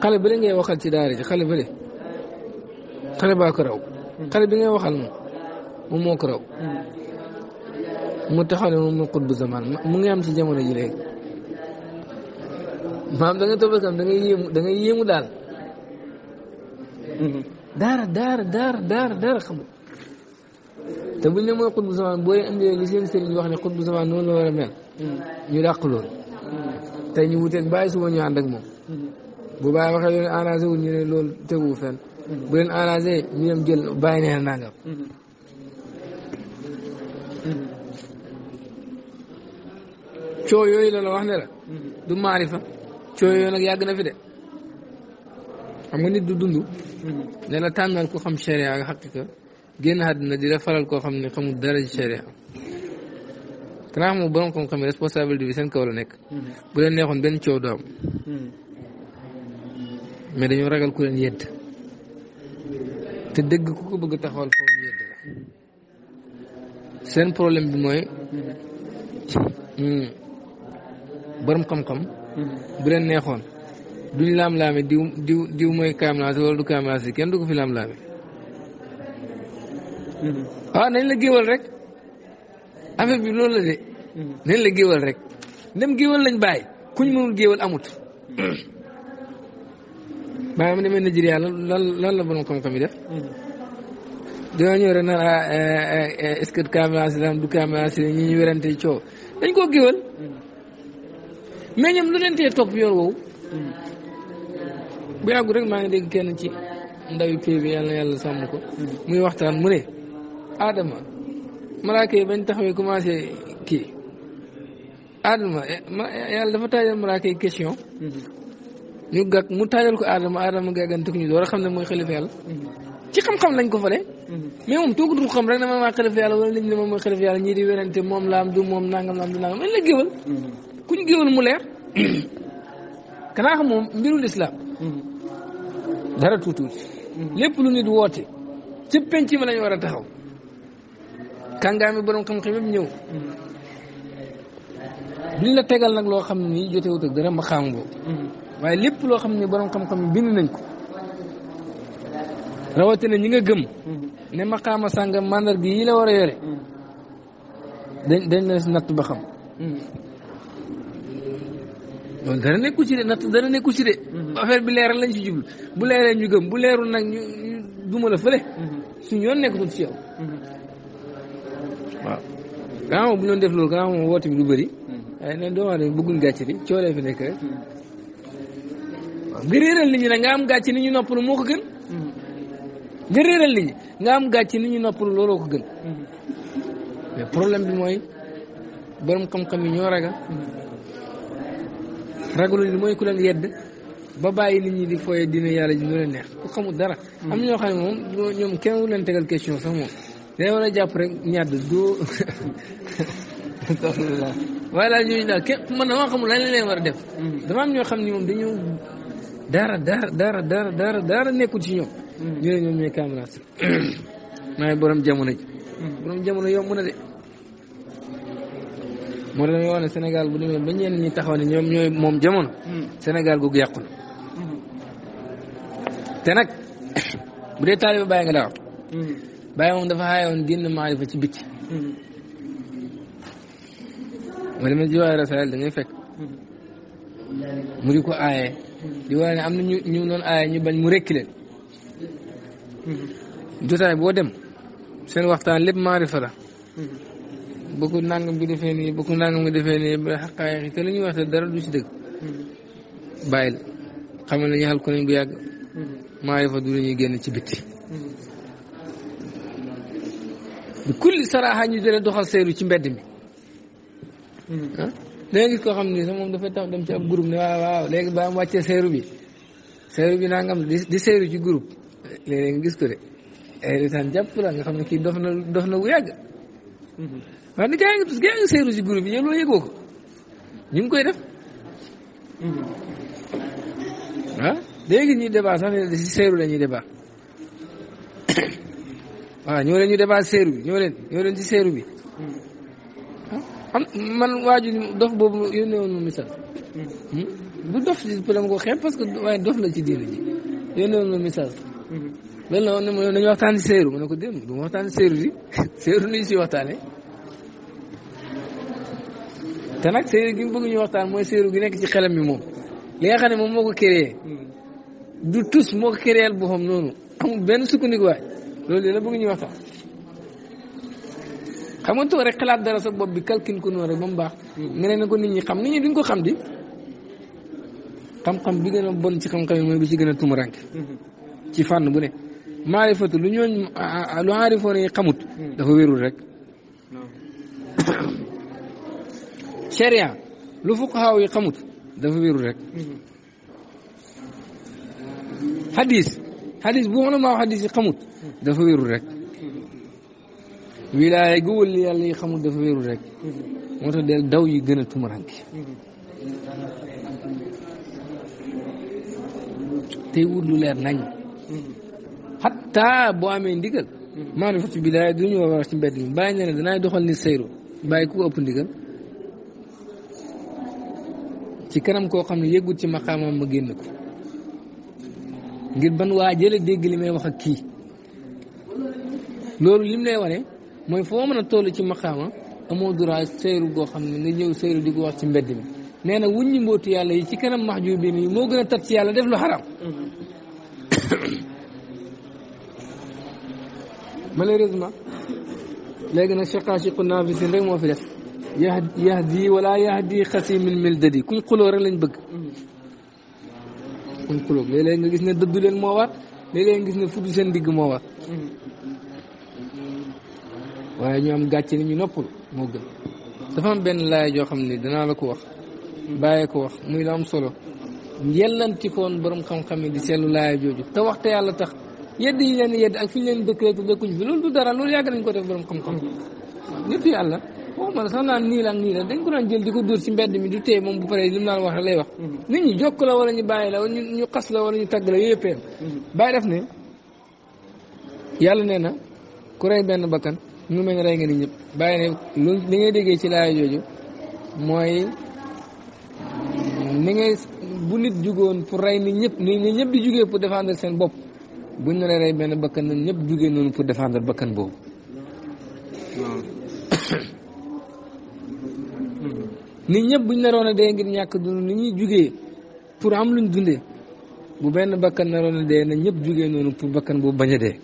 xale bële ngay waxal ci daara ji xale bële xale baa ko raw xale bi ngay waxal moom moom moo ko raw mu taxale moom mu xutbu zaman mu ngi am ci jamono ji léegi maam da nga tobakam da nga yéemu da nga yéemu daal mm-hmm. daara daara daara daara daara xamul te buñ ne mooy xutbu zaman booy indi li seen sëriñ wax ne xutbu zaman noonu la war a mel mm-hmm. ñu dàq loolu mm-hmm. tey ñu wuteeg bàyyi suba ñu ànd ak moom bu bàyyi waxee loolu arrangé wul ñu ne loolu tegu fenn bu leen arrangé ñu dem jël bàyyi nee na nangam Hmm. coow yooyu lala wax ne la du maarifa coow yooyu nag yàgg na fi de xam nga nit du dund hmm. ne la tànnal ku xam sharia ak xaqiqa génn àddina di la faral koo xam ne xamul dara ci sharia kanaa xam borom xam-xam responsabilité bi seen kaw la nekk hmm. bu leen neexoon benn coow du am dañoo ragal ku leen yedd te dëgg ku ko bëgg taxawal foofu yedd seen problème bi mooy hmm, borom xam-xam hmm. bu leen neexoon duñ laam-laame diw diw diw mooy kaamlaas wala du kaamlaas yi kenn du ko fi laam-laame waaw hmm. ah, nañ la géwal rek affaire bi loolu la de nañ la géwal rek dem géwal lañ bàyyi kuñ mënul géwal amut bàyyi ma demee Nigeria lan la borom xam-xam yi def dina ñëw rek naan ah, eh, eh, eh, est ce que Kamil Ansari du Kamil Ansari ñi ñu werante coow dañ koo géwal mais ñoom lu leen topp yoon woowu bu yàggu rek maa ngi dégg kenn ci ndawi pay bi yàlla yàlla ko muy waxtaan mu ne aadama malaaka yi bañ taxawee commencé kii Adama yàlla dafa taajal malaaka yi question mm-hmm. ñu gàkk mu taajal ko Adama Adama gàggantu ko ñu door a xam ne mooy xalif yàlla mm-hmm. ci xam-xam lañ ko fale mhm. mais moom toogutul xam rek ne man maa xelif yàlla wala nit moom mooy xelif yàlla ñii di werante moom laam du moom nangam laam du nangam dañ la géwal mhm. kuñ géwal mu leer kanaa moom mbirul islam mhm. dara tuutuut lépp lu nit woote ci penc mi lañu war a taxaw kàngaami borom xam-xam yëpp ñëw duñ la tegal nag loo xam ni jotewut ak dara ma xaam boobu waaye lépp loo xam ni boroom xam-xam bind nañ ko rawatina ñi nga gëm mm-hmm. ne maqaama sàngam mandarga yi la war a yore mm-hmm. dañ dañ la si natt ba xam mm-hmm. loolu dara nekku ci de natt dara nekku ci de affaire bi leeral lañ ci jublu bu leeree ñu gëm bu leerul nag ñu duma la fële suñu yoon nekkatul ci yow waaw gannaaw bu doon def loolu gannaaw moom woote bi du bëri waaye nag doomu aadama bëgguñ gàcce bi coolee fi nekk rek nga réeral nit ñi nag nga am gàcce nit ñu noppalu moo ko gën nga réeral nit ñi nga am gàcce nit ñi noppalu looloo ko gën mm-hmm. problème bi mooy borom xam-xam yi ñoo ragal ragalu li mooy ku la yedd ba bàyyi nit ñi di fooye dina yàlla ji lu leen neex ku xamul dara mm-hmm. am ñoo xam ne moom ñoom kenn wu leen tegal question sax moom day war a jàpp rek ñàdd doo alhamdulilah waaye daal ñooñu daal kenn la leen war a def. Mm-hmm. am ñoo xam ne moom dañoo dara dara dara dara dara nekkul ci ñoom. Mm. ñu ne ñoom ñooy Cameras maay borom jamono ji. Mm, borom jamono yomb na de. moo tax ñu wax ne Sénégal bu demee ba ñenn ñi taxaw ne ñoom ñooy moom jamono. Mm. Sénégal googu yàqu nag bu dee taaliba bàyyi nga daaw. bàyyi ci bitti. ma demee jiwaay rasaayal da fekk. mu di aaye. di wax ne am na ñu ñu doon aaye ñu bañ mu rekki jotaay boo dem seen waxtaan lépp maarifa la bu ko gi defee nii bu ko nangam gi defee nii ba xaqaayiq yi te li ñuy wax dara du ci dëgg bàyyil xamal nañu xal ko nañ bu yàgg maarifa du la génn ci bitti bi kulli saraaxa ñu jëlee doxal seeru ci mbedd mi ah? danga gis koo xam ni sax moom dafay tax dem ci ab groupe ne waaw waaw léegi ba am wàccee seeru bi seeru bi nangam di seeru ci groupe léeg-léeg nga gis ko de ay reetaan jàpp la nga xam ne kii dox na dox na bu yàgg mm-hmm. waaye nag yaa ngi tus yaa ngi seeru si groupe yi yow loolu yëgoo ko ñu ngi koy def mm-hmm. ah léegi ñuy débat sax ne si la ñuy débat waaw ñoo leen ñu bi ñoo leen ñoo si seeru bi mm-hmm. ah, man waaju dof boobu yónnee woon ma message hmm? bu dof si pour dama ko xeeb parce que waaye dof la ci diina ji yónnee message loolu la woon ne ma nañu waxtaan ci séeru ma ne ko démb du ma waxtaan ci séeru bi séeru ni ñu siy waxtaanee te nag séeru gi mu bëgg ñu waxtaan mooy seeru gi nekk ci xelam mi moom li nga xam ne moom moo ko créé hmm. du tus moo ko créé boppam noonu amul benn sukkandikuwaay loolu de la bëgg ñu waxtaan xam nga toog rek xalaat dara sa bopp bi calcul ko noonu rek mu baax. Hmm. nga na ko nit ñi xam nit ñi duñ ko xam di xam-xam bi gën a bon ci xam-xam yi mooy bi ci gën a tumuranke hmm. ci fànn bu ne maarifatu lu ñooñ lu aarifoon yi xamut dafa wérul rek sharia lu fuqahaa yi xamut dafa wérul rek hadis hadis bu ulamaa hadis yi xamut dafa wérul rek wilaaya gu wëlli yàlla yi xamut dafa wérul rek moo tax del daw yi gën a tumuranke tey wut lu leer nañ xataa boo amee ndigal. maanaam fas bi du ñu a wax ci mbedd mi bàyyi na ne danaay doxal ni sayru bàyyi ku ëpp ndigal ci kanam koo xam ne yëggut ci maqaamam ma génn ko ngir ban waa jële dégg li may wax ak kii loolu lim lay wane mooy foo mën a toll ci maqaama amoo droit sayru goo xam ne nga ñëw sayru di ko wax ci mbedd mi nee na wuññi mbootu yàlla yi ci kanam maxjuub bi nii moo gën a tat ci yàlla def lu xaram mm-hmm. malheureusement léegi nag chaqaashiqu naafisin rek moo fi def yah yahdi wala yahdi xasi min mil dëdi kuñ xuloo rek lañ bëgg kuñ xuloo léeg-léeg nga gis ne dëddu leen moo waat léeg-léeg nga gis ne fuddu seen digg moo waat waaye ñu am gàcce ni ñu noppul moo gën dafa am benn laay joo xam ne danaa la ko wax bàyyee ko wax muy la am solo yellanti koon borom xam-xam yi di seetlu laaya jooju te waxte tax yedd yi leen yedd ak fi ñu leen dëkkee te dëkkuñ fi loolu du dara loolu yàgg nañ ko def borom xam-xam nit yàlla waxuma la sax naan nii la nii la dañ ko daan jël di ko dóor ci mbedd mi du téye moom bu paree li naan wax rek lay wax mm-hmm. nit ñi jokk la wala ñu bàyyi la wala ñu xas la wala ñu tàgg la yëppee mm-hmm. bàyyi def ne na ku benn bakkan ñu mel ne rey nga ñëpp bàyyi ne lu ngay déggee ci laaya jooju mooy ni ngay bu nit jugoon pour rey ni ñëpp ni ñëpp di jugee pour défendre seen bopp bu ñu naree rey benn bakkan nañ ñëpp jugee noonu pour défendre bakkan boobu nit ñëpp bu ñu naroon a ngir ñàkk dund ni ñuy jugee pour am luñ dundee bu benn bakkan naroon a na ñëpp jugee noonu pour bakkan boobu bañ a dee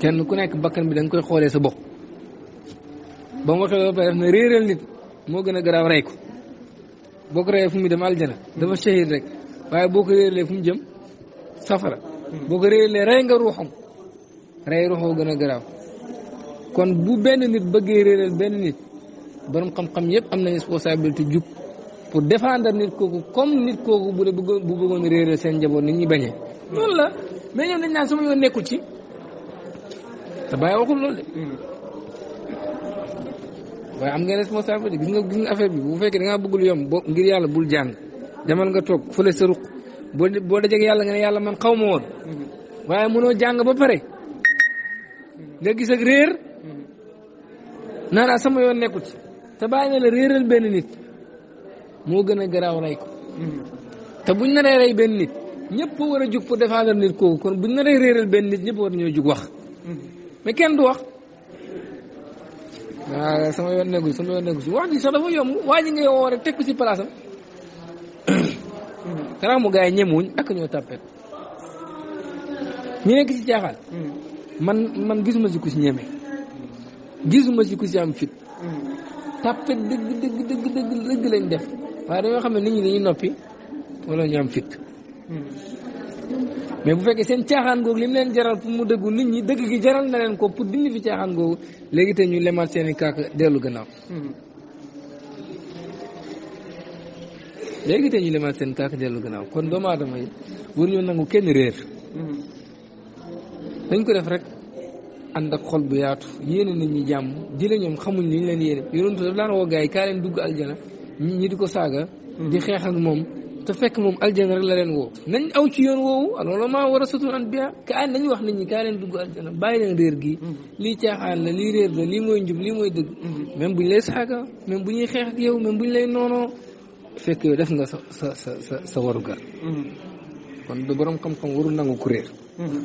kenn ku nekk bakkan bi da koy xoolee sa bopp ba mu waxee ba pare def na réeral nit moo gën a garaaw rey ko boo ko reyee fu mu dem aljana dafa shahid rek waaye boo ko réeralee fu mu jëm safara boo ko réeralee rey nga ruuxam rey ruuxoo gën a garaaw kon bu benn nit bëggee réeral benn nit borom xam-xam yëpp am na responsabilité jub pour défendre nit kooku comme nit kooku bu dee bu bëggoon réeral seen njaboot nit ñuy bañee loolu la mais ñoom dañ naan sama yoon nekkul ci te bàyyi waxul loolu de waaye am ngeen responsabilité gis nga gis nga affaire bi bu fekkee da ngaa bëgg lu yomb ngir yàlla bul jàng demal nga toog fële sa ruq boo boo jeg yàlla nga ne yàlla man xaw ma woon waaye mënoo jàng ba pare nga gis ak réer naanaa sama yoon nekkut te bàyyi na la benn nit moo gën a garaaw rey ko te buñ naree rey benn nit ñëpp war a jug pour défendre nit kooku kon buñ naree réeral benn nit ñëpp war jug wax mais kenn du wax sama yoon nekkul sama yoon nekkul si wax ji sax dafa yomb waa ji nga woo rek teg ko ci place xanaa mu gars yi ñemewuñ ak ñoo tàppet ñu nekk ci caaxaan. Mm. man man gisuma si ku si ñeme gisuma si ku si am fit. Mm. tàppet dëgg dëgg dëgg dëgg dëgg lañ def waaye dañoo xam ne nit ñi dañuy noppi wala ñu am fit. Mm. mais bu fekkee seen caaxaan googu li mu leen jaral pour mu dëggu nit ñi dëgg gi jaral na leen ko pour dindi fi caaxaan googu léegi te ñu lemaat seeni i kàkk dellu gannaaw. léegi te ñu demaat seen kàkk dellu ganaaw kon doomu aadama yi waruñu nangu kenn réer mm-hmm. dañ ko def rek ànd ak xol bu yaatu yéene nit ñi jàmm di la ñoom xamuñ li ñu leen yéene yonentu daf daan woo gars yi kaa leen dugg aljana ñi di ko saaga mm-hmm. di xeex ak moom te fekk moom aljana rek la leen woo nañ aw ci yoon woowu alors maa war a sutul an bia kaa nañ wax nit ñi kaa leen dugg aljana bàyyi leen réer gi mm-hmm. lii caaxaan la lii réer la lii mooy njub lii mooy bu ñu lay saaga bu ñuy xeex yow bu ñu lay noonoo bu fekkee yow def nga sa sa sa sa warugar. Mm-hmm. kon borom xam-xam warul nangu ku mm-hmm.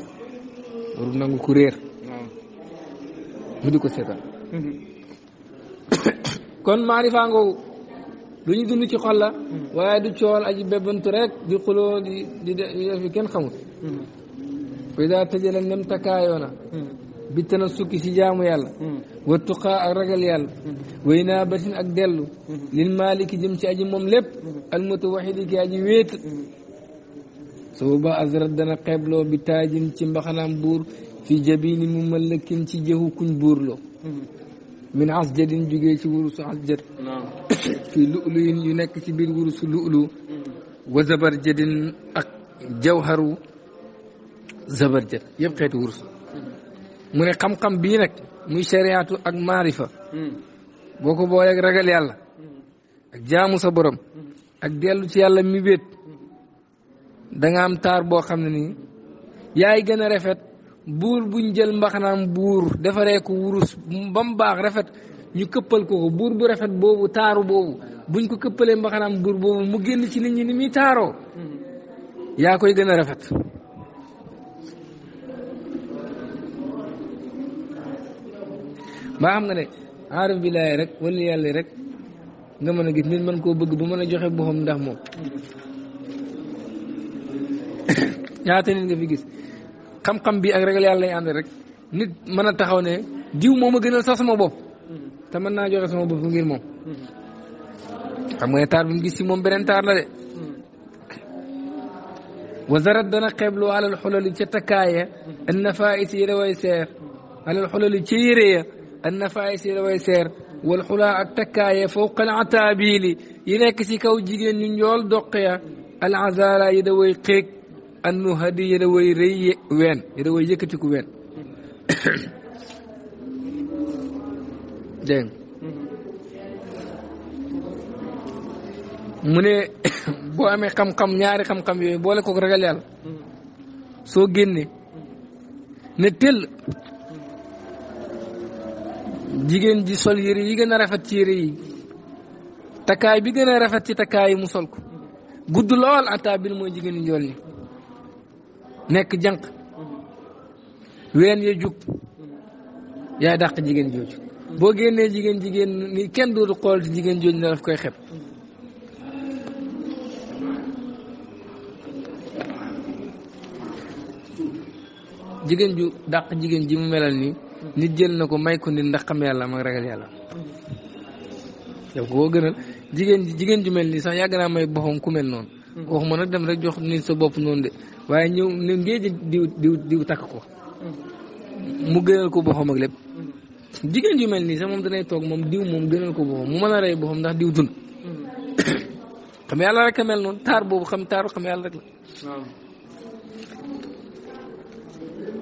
mu di ko seetal. Mm-hmm. kon maarifa ngoogu ñu dund ci xol la. waaye du cool aji bébbantu rek di xuloo di def kenn xamul. bu daa tëjee lam nem bi tana sukki si jaamu yàlla hmm. wa tuqaa ak ragal hmm. way naa batin hmm. lil maaliki jëm ci aji moom lépp almutawaxidi ki aji wéet su boobaa azrat dana bi taajin ci mbaxanaam buur fi jabini mu mallakin ci jëhu kuñ buurloo min asjadin jógee ci wurusu asjad fii lu'luyin yu nekk ci biir wurusu lu'lu wa zabarjadin jawharu zabarjad yëpp xeeti wurus mu ne xam-xam bii nag muy sariyaatu ak maarifa hmm. boo ko boo booleeg ragal yàlla hmm. ak jaamu sa borom hmm. ak dellu ci yàlla mi wéet da am taar boo xam ne nii yaay gën a rafet buur buñ jël mbaxanaam buur defaree ko wurus ba mu baax rafet ñu këppal ko ko buur bu rafet boobu taaru boobu buñ ko këppalee mbaxanaam buur boobu mu génn ci nit ñi ni muy taaroo yaa koy gën a rafet ba xam nga ne aarif bi rek wala rek nga mën a gis nit mën koo bëgg bu mën a joxe boppam ndax moom ñaata nit nga fi gis xam-xam bi ak ragal yàlla lay ànd rek nit mën a taxaw ne diw moom a gënal sax sama bopp mm-hmm. te mën naa joxe sama bopp ngir moom mm-hmm. xam nga taar bi mu gis ci moom beneen taar la de mm-hmm. wazarat dana xeeblu alal xolali ca takkaaya an nafaisi yëre way seer alal xolali ca yëre ya annafaay si dafay seer wal xulaa ak takkaaye fawqa al ataabili yi nekk si kaw jigéen ñu njool doqe ya al azala yi da way xéeg annu hadi yi da way rëy ween yi da way yëkkatiku ween mu ne boo amee xam-xam ñaari xam-xam yooyu boole ko ragal yàlla soo génne ne tëll jigéen ji sol yére yi gën a rafet ci yére yi takkaay bi gën a rafet ci takkaay yi mu sol ko gudd lool ataa bil mooy jigéen njool yi nekk janq ween ya jub yaay dàq jigéen jooju boo génnee jigéen jigéen ni kenn dootu xool ci jigéen jooju ne daf koy xeb jigéen ju dàq jigéen ji mu melal nii nit jël na ko may ko nit ndax xam yàlla mag ragal yàlla daf ko gënal jigéen jigéen ju mel nii sax yàgg naa may boppam ku mel noonu waxuma nag dem rek jox nit sa bopp noonu de waaye ñëw ne ngee jël diw diw takk ko mu gënal ko boppam ak lépp jigéen ju mel nii sax moom danay toog moom diw moom gënal ko boppam mu mën a rey boppam ndax diw dund xam yàlla rek a mel noonu taar boobu xam taaru xam yàlla rek la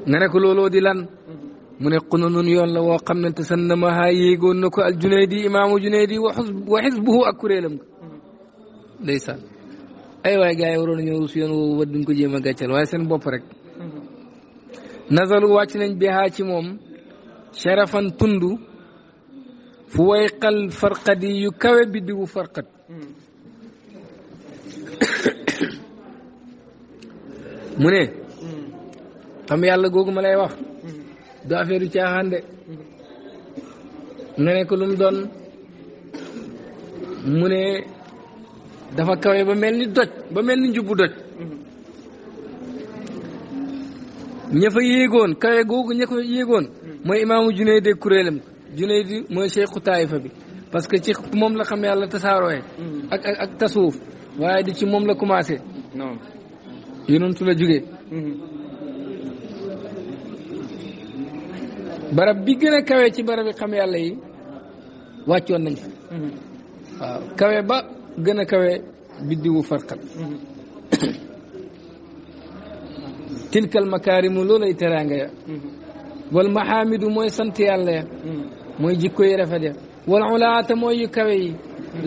nga ne ko looloo di lan mu ne xunanun yoon la woo xam ne te san na ma haa yéegoon na ko al junaydi imaamu junaydi wa xisbuhu ak kuréelam ko ndeysaan ay waaye gars yi waroon nañoo rus yoon woowu ba duñ ko jéem a gàccal waaye seen bopp rek nazalu wàcc nañ bihaa ci moom sharafan tund fu way xal kawe biddiwu farqat mu ne xam yàlla googu ma lay wax du caaxaan de nga ne lu mu doon mu ne dafa kawe ba mel ni doj ba mel ni njubbu doj ña yéegoon kawe googu ña yéegoon mooy imaamu Junayd de kuréelam Junayd di mooy cheikhu taayifa bi parce que ci moom la xam yàlla tasaarooye ak ak tasuuf waaye di ci moom la commencé non yonentu la jógee mm-hmm. barab bi gën a kawe ci barab yi xam yàlla yi wàccoon nañ fa mhm. waaw kawe ba gën a kawe biddiwu farqat mhm. tilkal makaarimu loolay teraanga ya mhm. wal maxaamidu mooy sant yàlla ya mooy jikko yi rafet ya wal ulaata mooy yu kawe yi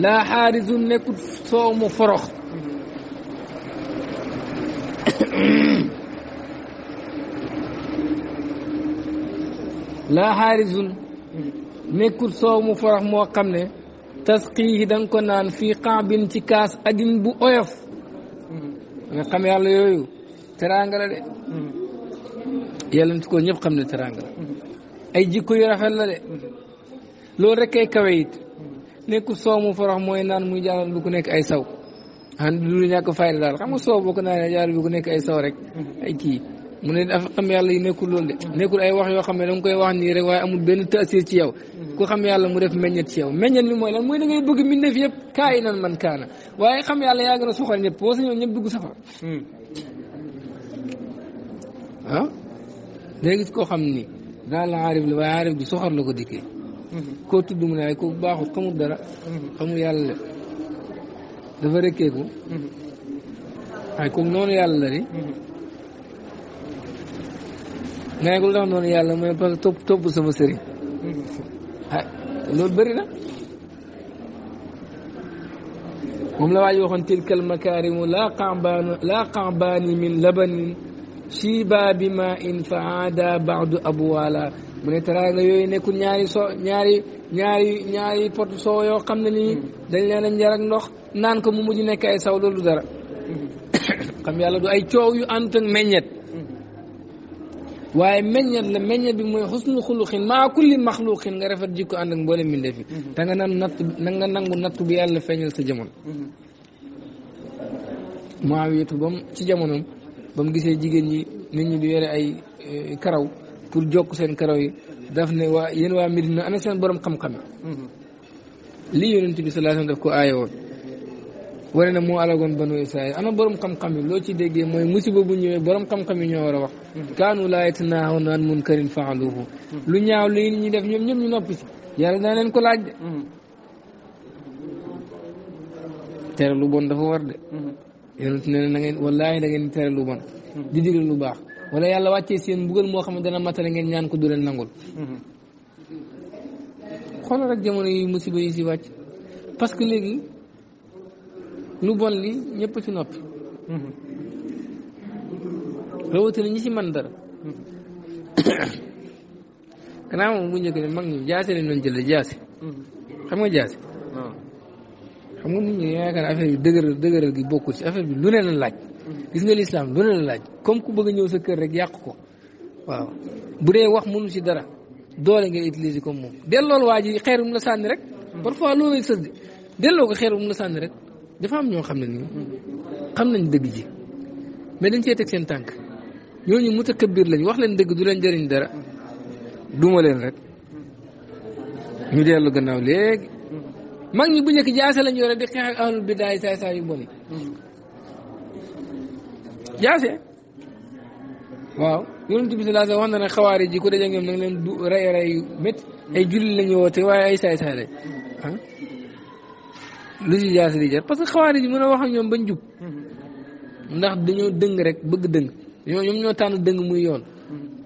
laa xaarisun nekkut soow forox laa xaarisun nekkul soow mu forox moo xam ne tasqiihi da nga ko naan xam xambin ci kaas adin bu oyof nga xam yàlla yooyu teraanga la de yàlla ko ñëpp xam ne teraanga la ay jikko yu rafet la de loolu rek kay kawe it soow mu forox mooy naan muy jàllal bu ku nekk ay saw xam du ñàkk fayda daal xam nga soow boo ko naanee jàllal bu ku nekk ay saw rek ay kii mu ne dafa xam yàlla yi nekkul loolu de nekkul ay wax yoo xam ne da nga koy wax nii rek waaye amul benn taasir ci yow ku xam yàlla mu def meññet ci yow meññet mi mooy lan mooy da ngay bëgg mbindeef yëpp kaa yi nan man kaana waaye xam yàlla yaa gën a soxal ñëpp boo sañoon ñëpp dugg safara hmm. ah gis koo xam ni daal la aarif la waaye la ko dikkee hmm. koo tudd mu ne ay ko baaxul xamul dara hmm. xamul yàlla dafa rekkeeku nga ne ko lu tax noonu yàlla mooy parce que topp topp sama sëriñ ah na moom la waa ji waxoon tilkal laa qambaan min labanin shiba bi ma in fa aada baadu abwaala mu ne teraanga yooyu nekkul ñaari ñaari ñaari ñaari pot soo xam ne nii dañ leen a ndox naan ko mu mujj nekk ay saw du dara xam yàlla du ay coow yu ànd ak waaye meññet la meññet bi mooy xusnu xuluqin maa kulli maxluqin nga rafet jikko ànd ak mboolem mi yi mhm. te nga nan na nga nangu natt bi yàlla feeñal sa jamono Muawiyatu mhm. ba mu ci jamonoom ba mu gisee jigéen ñi nit ñi di yore ay eh, karaw pour jokk seen karaw yi daf ne waa yéen waa Medina ana seen borom xam-xam mhm. li yonent bi sallallahu alayhi ko aaye woon wane na moo alagoon banu israil ana borom xam-xam yi loo ci déggee mooy musiba bu ñëwee borom xam-xam yi ñoo war a wax kaanu laa yatanaahawna an munkarin faaluhu lu ñaaw li ñi def ñoom ñëpp ñu noppi ci yàlla dana leen ko laaj de tere lu bon dafa war de yonent ne na ngeen wallaahi da ngeen tere lu bon di digal lu baax wala yàlla wàccee seen mbugal moo xam ne dana matale ngeen ñaan ko du leen nangul xoolal rek jamono yi musiba yi si lu bon li ñëpp ci nopp noppi mm-hmm. na ñi ci man dara kanaa mm-hmm. moom bu njëkk ne mag ñi jaase lañ jël jëlee jaase mm-hmm. xam nga jaase ah. xam nga nit ñi yaakaar affaire bi dëgëral dëgëral gi bokkul ci affaire bi lu ne la laaj gis nga lislaam lu ne la laaj comme ku bëgg a ñëw sa kër rek yàq ko waaw bu dee wax mënu ci dara doole ngay utiliser comme moom dellool waa ji xeer mu la sànni rek parfois loolu sëdd delloo ko xeer mu la sànni rek dafa am ñoo xam ne nii xam nañ dëgg ji mais dañ cee teg seen tànk ñooñu mutakabbir lañ wax leen dëgg du leen jariñ dara duma leen rek ñu dellu gannaaw léegi mag ñi bu njëkk jaase lañ yore di xeex ak ahlul bidaa yi saay saay yu bon yi jaase waaw yonent bi sallallahu alayhi wasallam wax na ne xawaari ji ku daje ñoom nag leen du rey rey métti ay julli lañu woote waaye ay saay saay lañ lu si jaasi di jar parce que xawaari ji mën a wax ak ñoom bañ jub ndax dañoo dëng rek bëgg dëng ñoo ñoom ñoo tànn dëng muy yoon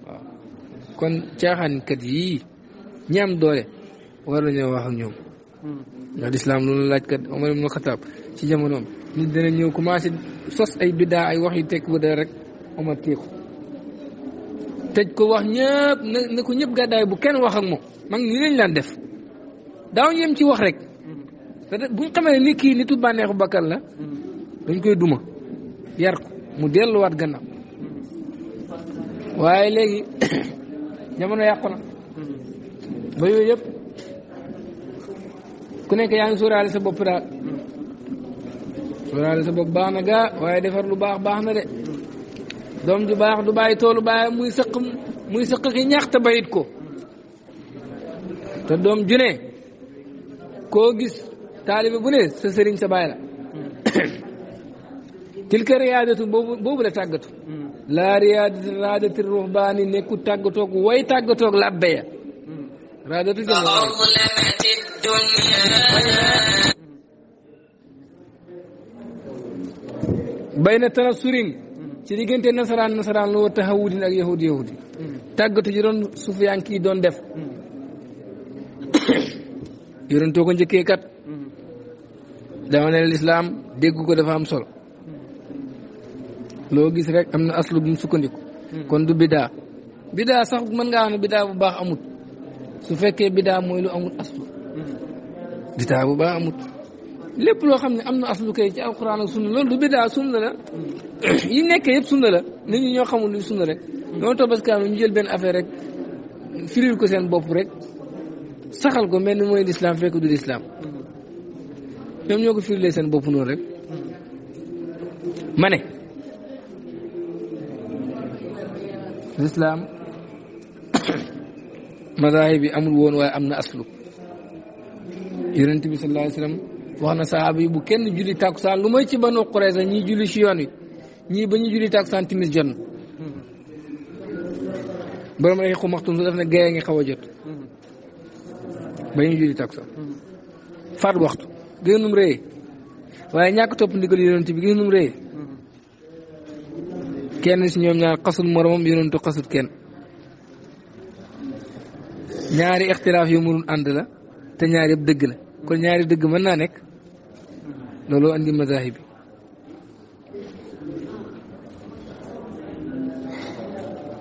waaw kon caaxaankat yii ñi am doole war nañoo wax ak ñoom ndax loolu laaj kat Omar ibn Xataab ci jamonoom nit dana ñëw commencé sos ay biddaa ay wax yu tekk bu dara rek Omar téye ko tëj ko wax ñëpp na ko ñëpp gàddaay bu kenn wax ak moom mag ni lañ daan def daaw yem ci wax rek te bu ñu xamee ni kii nitu bànneexu bakkan la mm-hmm. dañ koy duma yar ko mu delluwaat gannaaw mm-hmm. waaye léegi jamono yàqu na mm-hmm. ba yëpp ku nekk yaa ngi sóoraale sa bopp daal sóoraale sa bopp baax na ga waaye defar lu baax baax na de doom ju baax du bàyyi toolu baax muy sëq muy sëq ki ñax bayit ko te doom ju ne koo gis taalibe bu ne sa sëriñ sa baay la hmm. tilka riyaadatu boobu boobu la tàggatu hmm. la riyaadati ruhbaani nekku tàggatoog way tàggatoog labbe ya hmm. raadatu jamaati bayna tanasurin ci diggante nasaraan nasaraan la wa tahawudin ak yahudi yahudi tàggatu ji doon sufiyanki doon def yorontoo ko njëkkee kat dama ne lislaam dégg ko dafa am solo loo gis rek am na aslu bu mu sukkandiku hmm. kon du bidaa bidaa sax mën ngaa wax ne bidaa bu baax amut su fekkee biddaa mooy lu amul aslu hmm. bidaa bu baax amut lépp loo xam ne am na aslu kay ci alquran ak sunna loolu du bidaa sunna la hmm. yi nekkee yëpp sunna la nit ñi ñoo xamul lu sunna rek ñoo toog baskaanu ñu jël benn affaire rek firil ko seen bopp rek saxal ko mel ni mooy lislaam fekk du lislaam ñoom ñoo ko firlee seen bopp noonu rek ma ne lislaam mazahib bi amul woon waaye am na aslu yonent bi sallallahu alayhi wax na sahaaba yi bu kenn julli tàkkusaan lu may ci ba banu Qurayza ñii julli ci yoon wi ñii ba ñu julli tàkkusaan timis jot na borom rek xu maxtum su def na gaye ngi xaw a jot ba ñu julli tàkkusaan faat waxtu gis num rëy waaye ñàkk topp ndigal yonent bi gis num rëy kenn si ñoom ñaar xasul moromam yonentu xasul kenn ñaari ixtilaaf yu mënul ànd la te ñaari yëpp dëgg la kon ñaari dëgg mën naa nekk loolu andi mazahib bi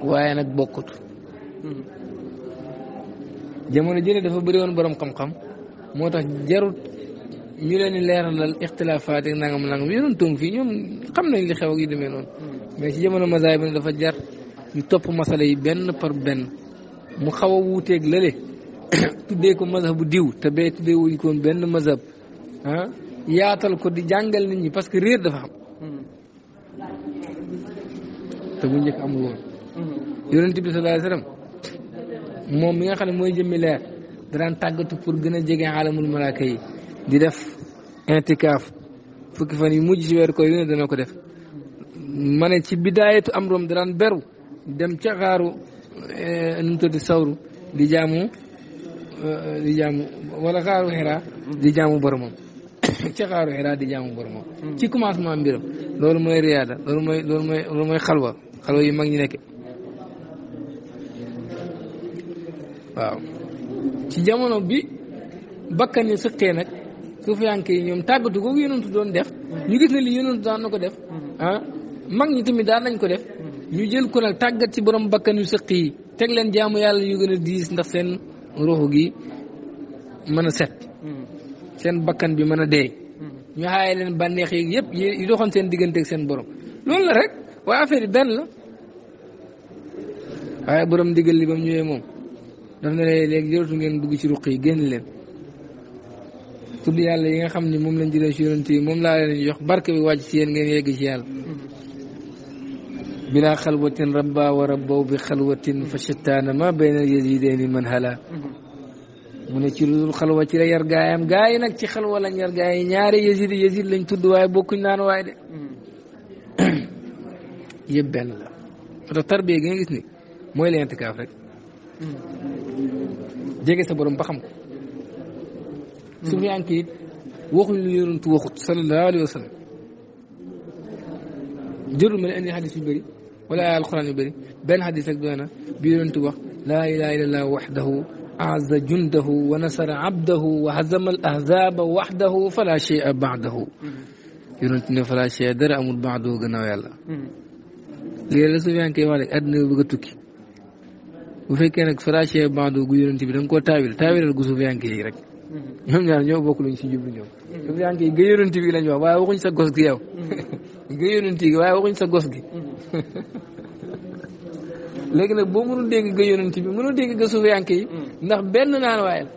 waaye nag bokkut jamono jële dafa bëri woon borom xam-xam moo tax jarut ñu leen di leeralal ixtilaafaat yi nangam nangam yéen toog fii ñoom xam nañ li xew ak yi demee noonu mais ci jamono mazaay bi dafa jar ñu topp masala par benn mu xaw a wuuteeg lële tuddee ko bu diw te bee tuddee wuñ ko benn mazhab ah yaatal ko di jàngal nit ñi parce que réer dafa xam te bu njëkk amul woon yonent bi sallallahu alayhi wasallam moom mi nga xam ne mooy jëmmi leer daan tàggatu pour gën a jege alamul malaaka yi di def intikaaf fukki fan yi mujj si weer koy yu ne dana ko def ma ne ci bidaayatu am room daan beru dem ca xaaru eh, nu mu sawru di jaamu eh, di jaamu wala xaaru xiraa di jaamu boromam ca xaaru xiraa di jaamu boromam hmm. ci commencement mbiram loolu mooy riyaada loolu mooy loolu xalwa xalwa yu mag ñi nekk waaw ci jamono bi bakkan yi nag suufiyanke yi ñoom tàggatu googu yonantu doon def ñu gis ne li yonantu daan na ko def ah mag ñi tamit daan nañ ko def ñu jël ko nag tàggat ci borom bakkan yu sëq yi teg leen jaamu yàlla yu gën a diis ndax seen ruuxu gi mën a set seen bakkan bi mën a dee ñu xaaye leen bànneex yeeg yëpp yi doxoon seen diggante ak seen borom loolu la rek waaye affaire yi benn la waaye borom diggal li ba mu ñëwee moom daf ne léegi jërëtu ngeen dugg ci ruq yi génn leen tudd yàlla yi nga xam ni moom lañ jëlee si yonent moom laa leen jox barke bi wàcc si yéen ngeen yegg ci yàlla bilaa xalwatin rabba wa rabbaw bi xalwatin fa shattaana ma bayna yaziidayni man hala mu ne ci xalwa ci la yar yi nag ci xalwa lañ yar gaa yi ñaari yazid tudd waaye bokkuñ naan waaye de yëpp benn la tarbiya gi nga gis ni mooy la intikaaf rek hmm. jege sa borom ba xam ko سفيان كيد وخل يرنت وخت صلى الله عليه وسلم جر من أني حديث بري ولا آية القرآن بري بين حديثك بنا بيرنت وخ لا إله إلا الله وحده أعز جنده ونصر عبده وهزم الأحزاب وحده فلا شيء بعده يرنت فلا شيء در أمر بعده جناه الله ليه لسفيان كيد مالك أدنى بقتك bu fekkee nag fraché bandu gu yonent bi da nga koo taawil ñoom ñaar ñoo bokk luñ si jublu ñoom ñoom ñaar kay gëyonanti bi lañ wax waaye waxuñ sa gos gi yow gëyonanti gi waaye waxuñ sa gos gi léegi nag boo mënul dégg gëyonanti bi mënul dégg ga suufiyanke yi ndax benn naan waayal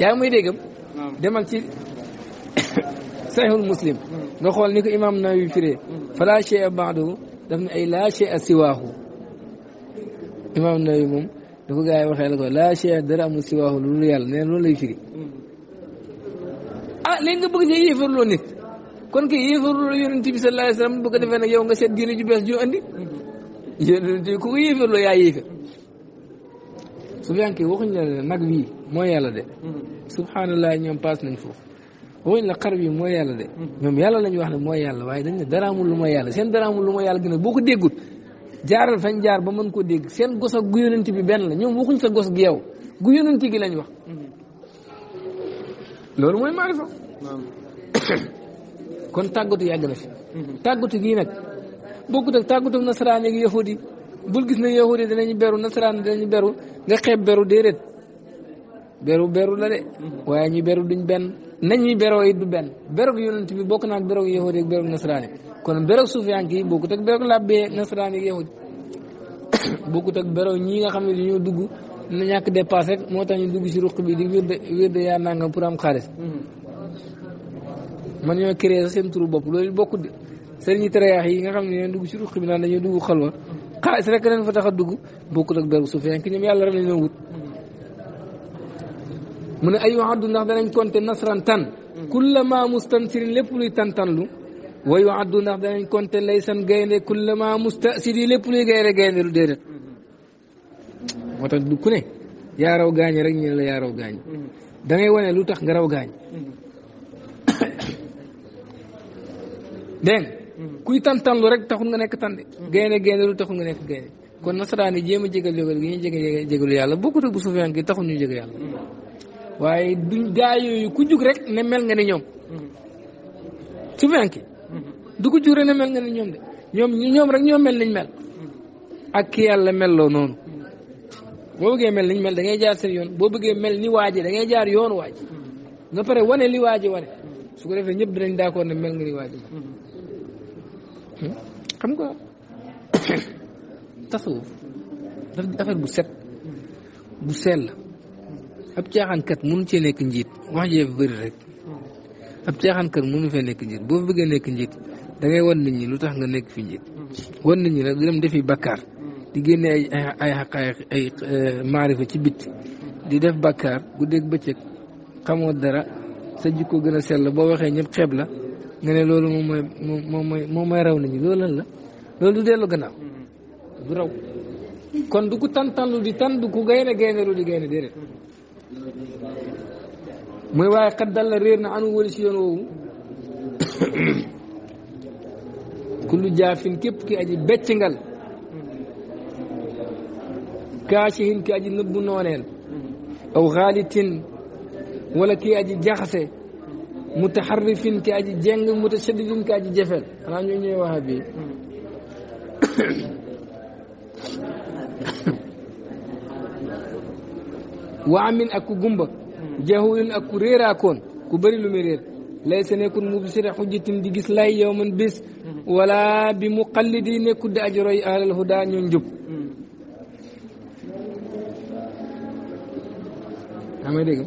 yaa ngi muy déggam demal ci sahihul muslim nga xool ni ko imam Nawawi firee a shay'a ba'dahu daf ne ay la shay'a siwaahu imam Nawawi moom dafa gaa yi waxee la ko la cheh dara amul si waaxu loolu yàlla neen loolu lay firi ah léegi nga bëgg see yéefarloo nit kon kay yéefarloo yonent bi sallallahu alayhi yow nga seet diine ju bees ju andi yonent yaa yéefar su fekkee waxuñ la ne nag wii mooy yàlla de subhanallah ñoom paas nañ foofu waxuñ la xar bi mooy yàlla de ñoom yàlla lañu wax ne mooy yàlla waaye dañ dara amul lu mooy yàlla seen dara amul lu mooy yàlla gën a boo ko déggut jaaral fañ jaar ba mën koo dégg seen gos ak gu yonent bi benn la ñoom waxuñ sa gos gi yow gu yonent gi lañ wax loolu mooy maarifa kon tàggatu yàgg na fi tàggatu gii nag bokkut ak tàggatu nasaraan gi yahud yi bul gis na yahud dana ñu beru nasaraan ñu beru nga xeeb beru déedéet beru beru la de waaye ñi beru duñ benn nañuy beroo it du benn beroog yonent bi bokk naa ak beroog yahud yi kon béréb suufiyanke yi bokkut ak béréb làbbee nasaraan yi yahud bokkut ak ñi nga xam ne dañoo dugg na ñàkk dépasse rek moo tax ñu dugg si ruq bi di wér wér de yaa nangam pour am xaalis mm-hmm. man ñoo créé sax seen turu bopp loolu bokkut de sëriñu tereyaax yi nga xam ne dañoo dugg si ruq bi naan dañoo dugg xalwa xaalis rek leen fa tax a dugg bokkut ak béréb suufiyanke ñoom yàlla rek la ñu wut mm-hmm. mu ne ay waxandu ndax danañ compter nasran tan mm-hmm. kullama mustansirin lépp luy tantanlu wayu addu ndax danañ konte lay san gaynde kullama mustasidi lépp luy gaynde gaynde lu déedéet moo tax du ku yaa raw gaañ rek ñu la yaa raw gaañ da wane lu tax nga raw gaañ dégg kuy tantanlu rek taxul nga nekk tande gaynde gaynde lu taxul nga nekk gaynde kon nasaraan yi jéem a jégal jógal gi ñuy jége yàlla bokkut ak bu sufiyaan ñu jégal yàlla waaye duñ gaa yooyu ku jug rek ne mel nga ni ñoom sufiyaan du ko jur na mel nga ne ñoom de ñoom rek ñoo mel niñ mel ak ki yàlla melloo noonu boo bëggee mel niñ mel da jaar seen yoon boo bëggee mel ni waaji da jaar yoon waaj nga pare wane li waaji wane su ko defee ñëpp dinañ d'accord ne mel nga li waaji xam nga tasawuf daf di affaire bu set bu sell ab caaxaankat mënu cee nekk njiit wax jee bëri rek ab caaxaankat mënu fee nekk njiit boo bëggee nekk njiit dangay ngay wan nit ñi lu tax nga nekk fi njiit wan nit ñi nag di dem defi bakkaar di génne ay ay ay ay euh, maarifa ci bitti di def bakkaar guddeeg bëccëg xamoo dara sa jikko gën a sell boo waxee ñëpp xeeb la nga ne loolu moom mooy moom mooy moom raw nit ñi loolu lan la loolu du dellu gannaaw du raw kon du ko tantanlu di tan du ko gaynde gaynde lu di gaynde déedéet muy waaye xat dal la réer na anu wëli si yoon woowu kullu jaafin képp ki aji beccingal kaasihin ki aji nëbbu nooneel aw xaalitin wala ki aji jaxase mutaxarrifin ki aji jeng mutashadidin ki aji jafeel xanaa ñoo ñëwee waxa waamin ak ku gumba jahulin ak ku ku bëri lu muy laysa nekkul mubsir xujjatin di gis lay yow man bis wala bi muqallidi nekkul di aji roy alal huda ñu njub xam nga dégg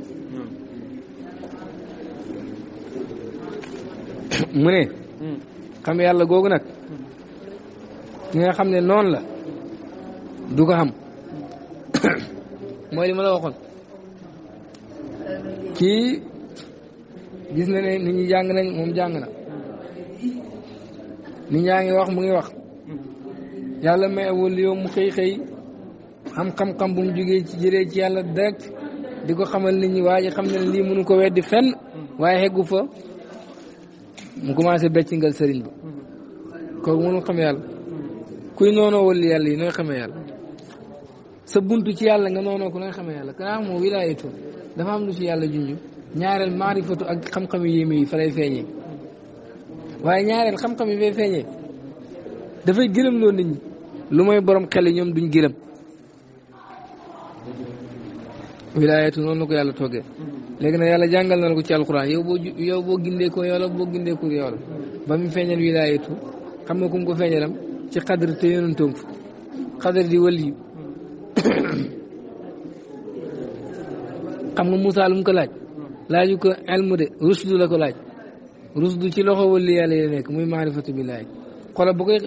mu ne xam yàlla googu nag nga xam ne noon la du ko xam mooy li ma la waxoon kii gis na ne nit ñi jàng nañ moom jàng na nit ñaa ngi wax mu ngi wax yàlla may wël yow mu xëy xëy xam xam-xam bu mu jógee ci jëlee ci yàlla direct di ko xamal nit ñu waa xam ne lii mënu ko weddi fenn waaye xeggu fa mu commencé beccingal sëriñ bi kooku mënu xamee yàlla kuy noonoo wël yàlla yi nooy xamee yàlla sa buntu ci yàlla nga noonoo ko nooy xamee yàlla kanaa moo wilaayatu dafa am lu ci yàlla junju ñaareel maarifatu ak xam-xam yi yéeme yi fa lay feeñee waaye ñaareel xam-xam yi fay feeñee dafay gërëm loo nit ñi lu mooy borom xel yi ñoom duñ gërëm. wilaayatu noonu ko yàlla toggee léegi nag yàlla jàngal na ko ci alxuraan yow boo yow boo gindeekoo yow la boo gindeekoo yow la ba mu feeñal wilaayatu xam nga ku mu ko feeñalam ci xadar te yonantoon ko xadar di waliyu xam nga Moussa ko laaj. laaju ko elmu de rusdu la ko laaj rusdu ci loxo wala yàlla yi nekk muy maarifatu billaahi xoolal bu koy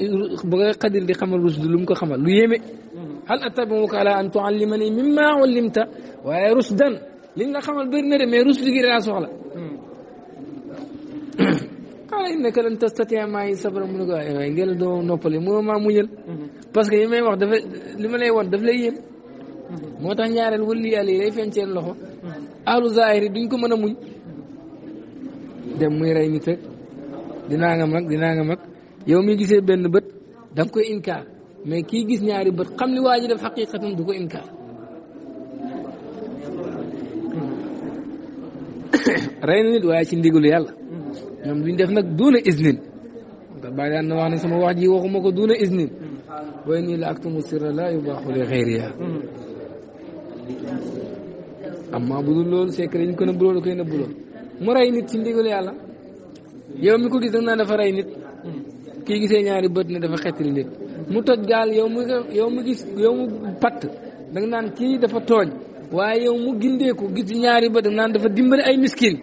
bu koy xadir di xamal rusdu lu mu ko xamal lu yéeme. hal attabi'uka ala an tu'allimani mimma ullimta waaye rusdan liñ la xamal bëri na de mais rusdu gi daa soxla. qaala innaka lan tastati'a ma'iya sabra mu ne ko waaye waaye ngeen doo noppali mu maa muñal. parce que li may wax dafa li ma lay wan daf lay yéem. moo tax ñaareel wala yàlla yi day feeñ seen loxo. ahlu zahiri duñ ko mën a muñ dem muy rey nit ak dinaa nga mag dinaa nga mag yow mi gisee benn bët da nga koy inkaar mais kii gis ñaari bët xam ni waa ji def du ko inkaar rey nit waaye ci ndigalu yàlla ñoom duñ def nag duuna isnin te bàyyi na wax ne sama wax ji waxuma ko duuna isnin way nii la aktumu sirra la yubaaxu li amma bu dul loolu c'est que dañ ko nëbbuloo da koy nëbbuloo mu rey nit ci ndigal yàlla yow mi ko gis da naa dafa rey nit kii gisee ñaari bët ne dafa xettali nit mu toj gaal yow mu yow mu gis yow mu patt da nga naan kii dafa tooñ waaye yow mu gindeeku gis ñaari bët da naan dafa dimbali ay miskin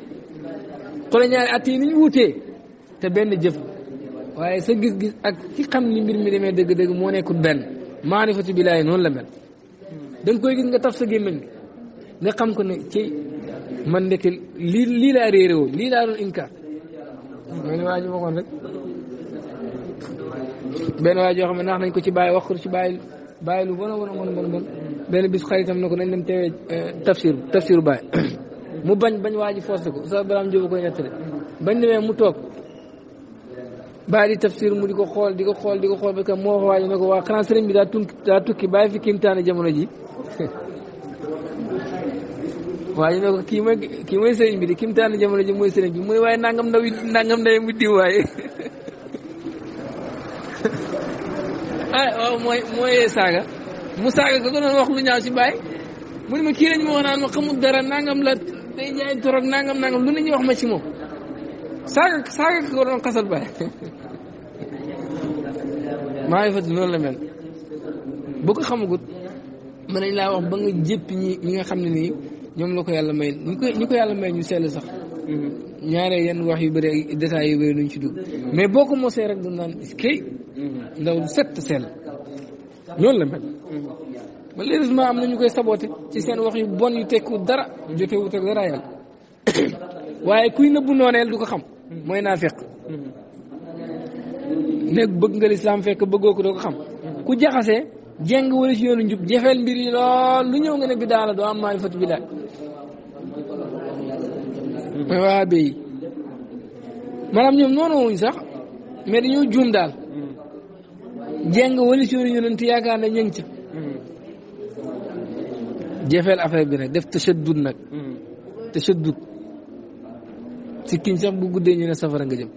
xoolal ñaari at yi ni ñu wutee te benn jëf waaye sa gis-gis ak ci xam ni mbir mi demee dëgg-dëgg moo nekkul benn maani maarifatu billaahi noonu la mel da nga koy gis nga taf sa gémmiñ nga xam ko ne ci man nekk lii lii laa réeré woon lii laa doon inkaar mooy li waa ji rek benn waa joo xam ne naax nañ ko ci bàyyi wax ko ci bàyyi bàyyi lu bon a bon a bon bon benn bis xaritam na ko nañ dem teewee euh, tafsir tafsiru bàyyi mu bañ bañ waa ji forcé ko sa baraam jóobu koy nettale bañ demee mu toog bàyyi di tafsir mu di ko xool di ko xool di ko xool parce que moo wax waa ne ko waa xanaa sëriñ bi daa tukki daa tukki bàyyi fi kéemtaane jamono ji waaye ne ko kii mooy kii mooy sëriñ bi di kim tànn jamono ji mooy sëriñ bi mooy waaye nangam ndaw nangam ndaw mu diw waaye ah waaw mooy mooy saaga mu saaga ko doon wax lu ñaaw ci bàyyi mu ne ma kii lañ ma wax naan ma xamul dara nangam la day jaay torog nangam nangam lu ne ñuy wax ma ci moom saaga saaga ko doon xasal bàyyi maa ngi fàttali noonu la mel boo ko xamagut mën nañ laa wax ba nga jëpp ñi ñi nga xam ne nii ñoom la ko yàlla may ñu ko ñu ko yàlla may ñu sell sax ñaare yenn wax yu bëri détails yu bëri duñ ci dugg mais boo ko mosee rek du naan est-ce que ndaw set sell loolu la mel malheureusement am na ñu koy saboote ci seen wax yu bon yu tekku dara jotewut ak dara yàlla waaye kuy nëbbu nooneel du ko xam mooy naa fekk nekk bëgg nga lislaam fekk bëggoo ko doo ko xam ku jaxasee jéng wala ci yoonu njub jafeel mbir yi lool lu ñëw nga ne bidaa la doo am maarifatu bidaa hmm. waa béy maanaam ñoom noonu wuñ sax mais dañoo juum daal hmm. jéng wala ci yoonu yonent yaakaar na ñëng ca hmm. jafeel affaire bi nag def tashaddud nag tashaddud sikkiñ sax bu guddee ñu ne safara nga jëm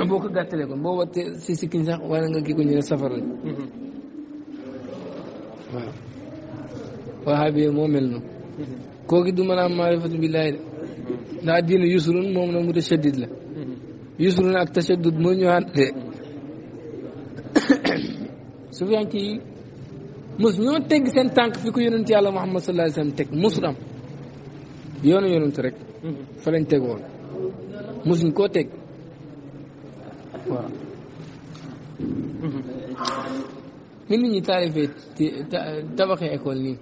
boo ko gàttalee kon boo wattee si sikkiñ sax wala nga kii ko ñu ne safara la waaw wahaabi moo mel noonu kooku du mën a am maarifatu billaahi de ndax diine yusrun moom na mutashaddid la yusrun ak tashaddud moo ñu ànte sufiyaan ci mos ñoo teg seen tànk fi ko yonent yàlla Muhammad sallallahu alayhi teg mosul am rek fa teg woon mosuñ koo teg ni nit ñi taalifee tabaxee école nii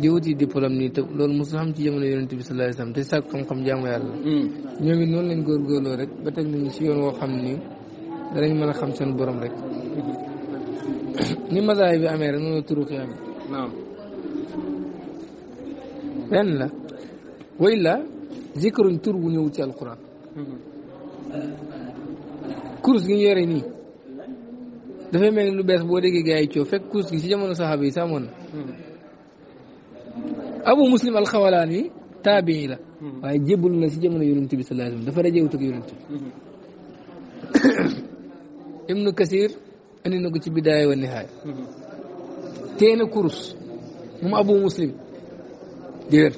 di wuti diplôme nii te loolu mosul xam ci jamono yonent bi sallallahu alayhi wasallam te sàkk xam-xam jaamu yàlla hmm. ñoom it noonu lañ góorgóorloo rek ba teg ñu si yoon woo xam ni danañ mën a xam seen borom rek hmm. ni masaay bi amee rek noonu turuqi amee lenn la way la zikruñ tur gu ñëw ci alquran hmm. kurs gi ñu yore nii dafay mel ni lu bees boo déggee gaa yi coow fekk kuus gi si jamono saxaaba yi sàmmoon na hmm. abu muslim alxawalaan yi taabii la hmm. waaye jébbalu na si jamono yonent bi sallallahu alayhi wasallam dafa rajewut ak yonent bi hmm. ibnu kasir andi na ko ci bidaaya wa nihaaya tee na kurus moom abu muslim di wér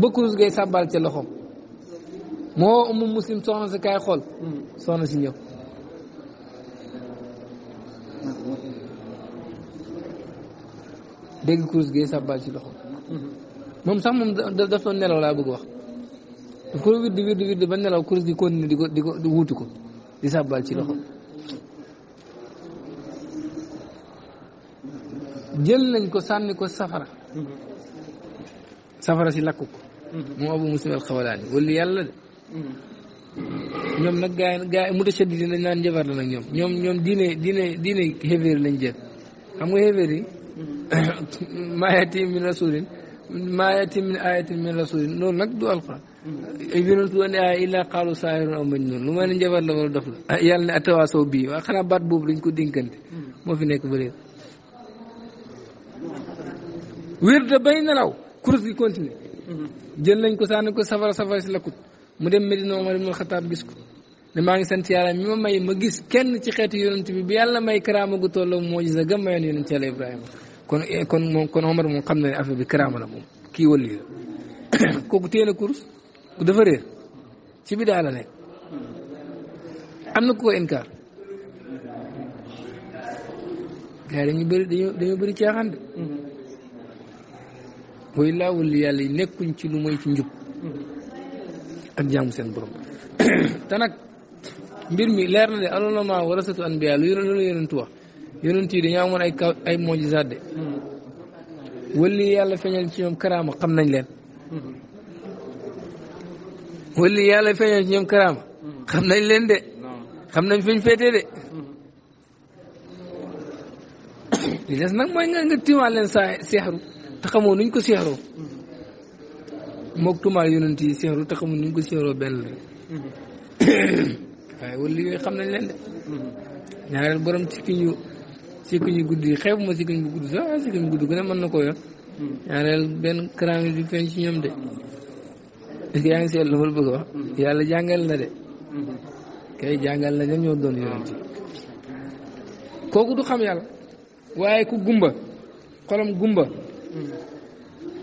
ba kurus gay sàbbaal ca loxoom moo umu muslim soxna si kaay xool soxna si ñëw dégg kurus gi sàbbaal ci loxo moom sax moom daf daf doon nelaw laa bëgg wax ku wirdi wirdi wirdi ba nelaw kurus gi continue di ko di ko wuutu ko di sàbbaal ci loxo jël nañ ko sànni ko safara safara si lakk ko moom abu muslim al xawalaani wala yàlla de ñoom nag gaa yi gaa yi a yi dañ naan njabar la nag ñoom ñoom diine diine diine lañ jël xam nga maa yati min rasulin maa yati min ayatin min rasulin loolu nag du alquran mm. yonentu woon aaya illa qaalu saahirun aw majnun lu ma ne njabar la wala dof la ah, yàlla ne atawaasaw bii waa xanaa baat boobu lañ ko dénkante mm. moo fi ba léegi wér da bay nelaw mm-hmm. nañ ko sànni ko safara safara si lakkut mu dem Medina Omar ne maa ngi sant yàlla mi ma may ma gis kenn ci xeet yonent bi bi yàlla may karaama gu tolloo moo gis a gëm yàlla Ibrahima kon eh, kon moom kon Omar moom xam na ne affaire bi karaama la kii wëlli la kooku téye na course ku dafa réer ci nekk am na ku ko inkaar gars dañoo bari bëri dañu de booy mm-hmm. laa wëlli yàlla yi nekkuñ ci lu moy ci njub mm-hmm. ak jaamu seen borom te nag mbir mi leer na de alolama warasatu anbiya lu lu la yonentu wax yonent yi dañoo amoon ay kaw ay mojisaat de wëlli yàlla feeñal ci ñoom karaama xam nañ leen wëlli yàlla feeñal ci ñoom karaama xam nañ leen de xam nañ fi ñu féetee de li des nag mooy nga nga timaal leen saa seexaru te xamoo nuñ ko seexaroo moog tumaal yonent yi seexaru te xamoo nuñ ko seexaroo benn la waaye wëlli xam nañ leen de ñaareel borom ci sikkuñ yu gudd yi xeeb ma sikkuñ bu gudd sax ah sikkuñ bu gudd ne mën na koo yor. ñaareel benn karaam du feeñ ci ñoom de. est que yaa ngi seetlu ma la bëgg wax. Mm-hmm. yàlla jàngal na de. Mm-hmm. kay jàngal na ñoom ñoo doon yonent kooku du xam yàlla. waaye ku gumba xolam gumba. Mm-hmm.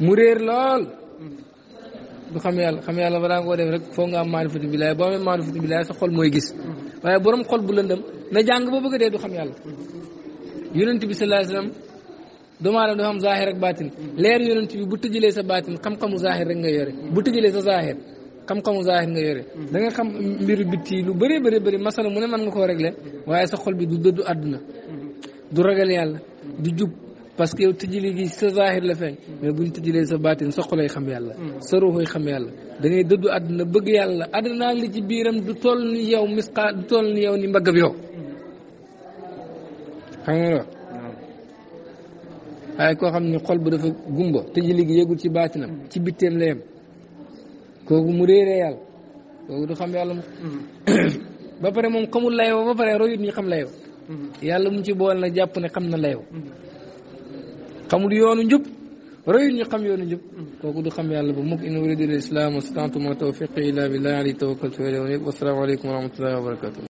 mu réer lool. du xam yàlla xam yàlla balaa nga def rek foog nga am maarifatu billaahi boo amee maarifatu billaahi sa xol mooy gis. waaye borom xol bu lëndëm na jàng ba bëgg dee du xam yàlla. yonent bi sallallahu alayhi wasallam doomu aadama dafa am zaahir ak baatin leer yonent bi bu tëjalee sa baatin xam-xamu zaahir rek nga yore bu tëjalee sa zaahir xamu zaahir nga yore da nga xam mbiru bitti lu bëree bëri bëri masala mu ne mën nga koo régler waaye sa bi du dëddu àdduna du ragal yàlla du jub parce que yow tëjali gi sa zaahir la feeñ mais buñ tëjalee sa baatin sa xolay xam yàlla sa ruuxoy xam yàlla da ngay dëddu àdduna bëgg yàlla àdduna li ci biiram du toll ni yow misqa du toll ni yow ni mbaggab yow xam nga waaye koo xam ne xol bu dafa gumba te ji léegi yëgul ci baatinam ci bitteem la yem kooku mu réeree yàlla kooku du xam yàlla mu ba pare moom xamul layoo ba pare royut ñi xam layoo yàlla mu ci bool na jàpp ne xam na layoo xamul yoonu njub royut ñi xam yoonu njub kooku du xam yàlla ba mukk in uridu al islam wastata'tu ma tawfiqi illa billahi alayhi tawakkaltu wa ilayhi unib wassalaamu aleykum wa rahmatullahi wa barakatuh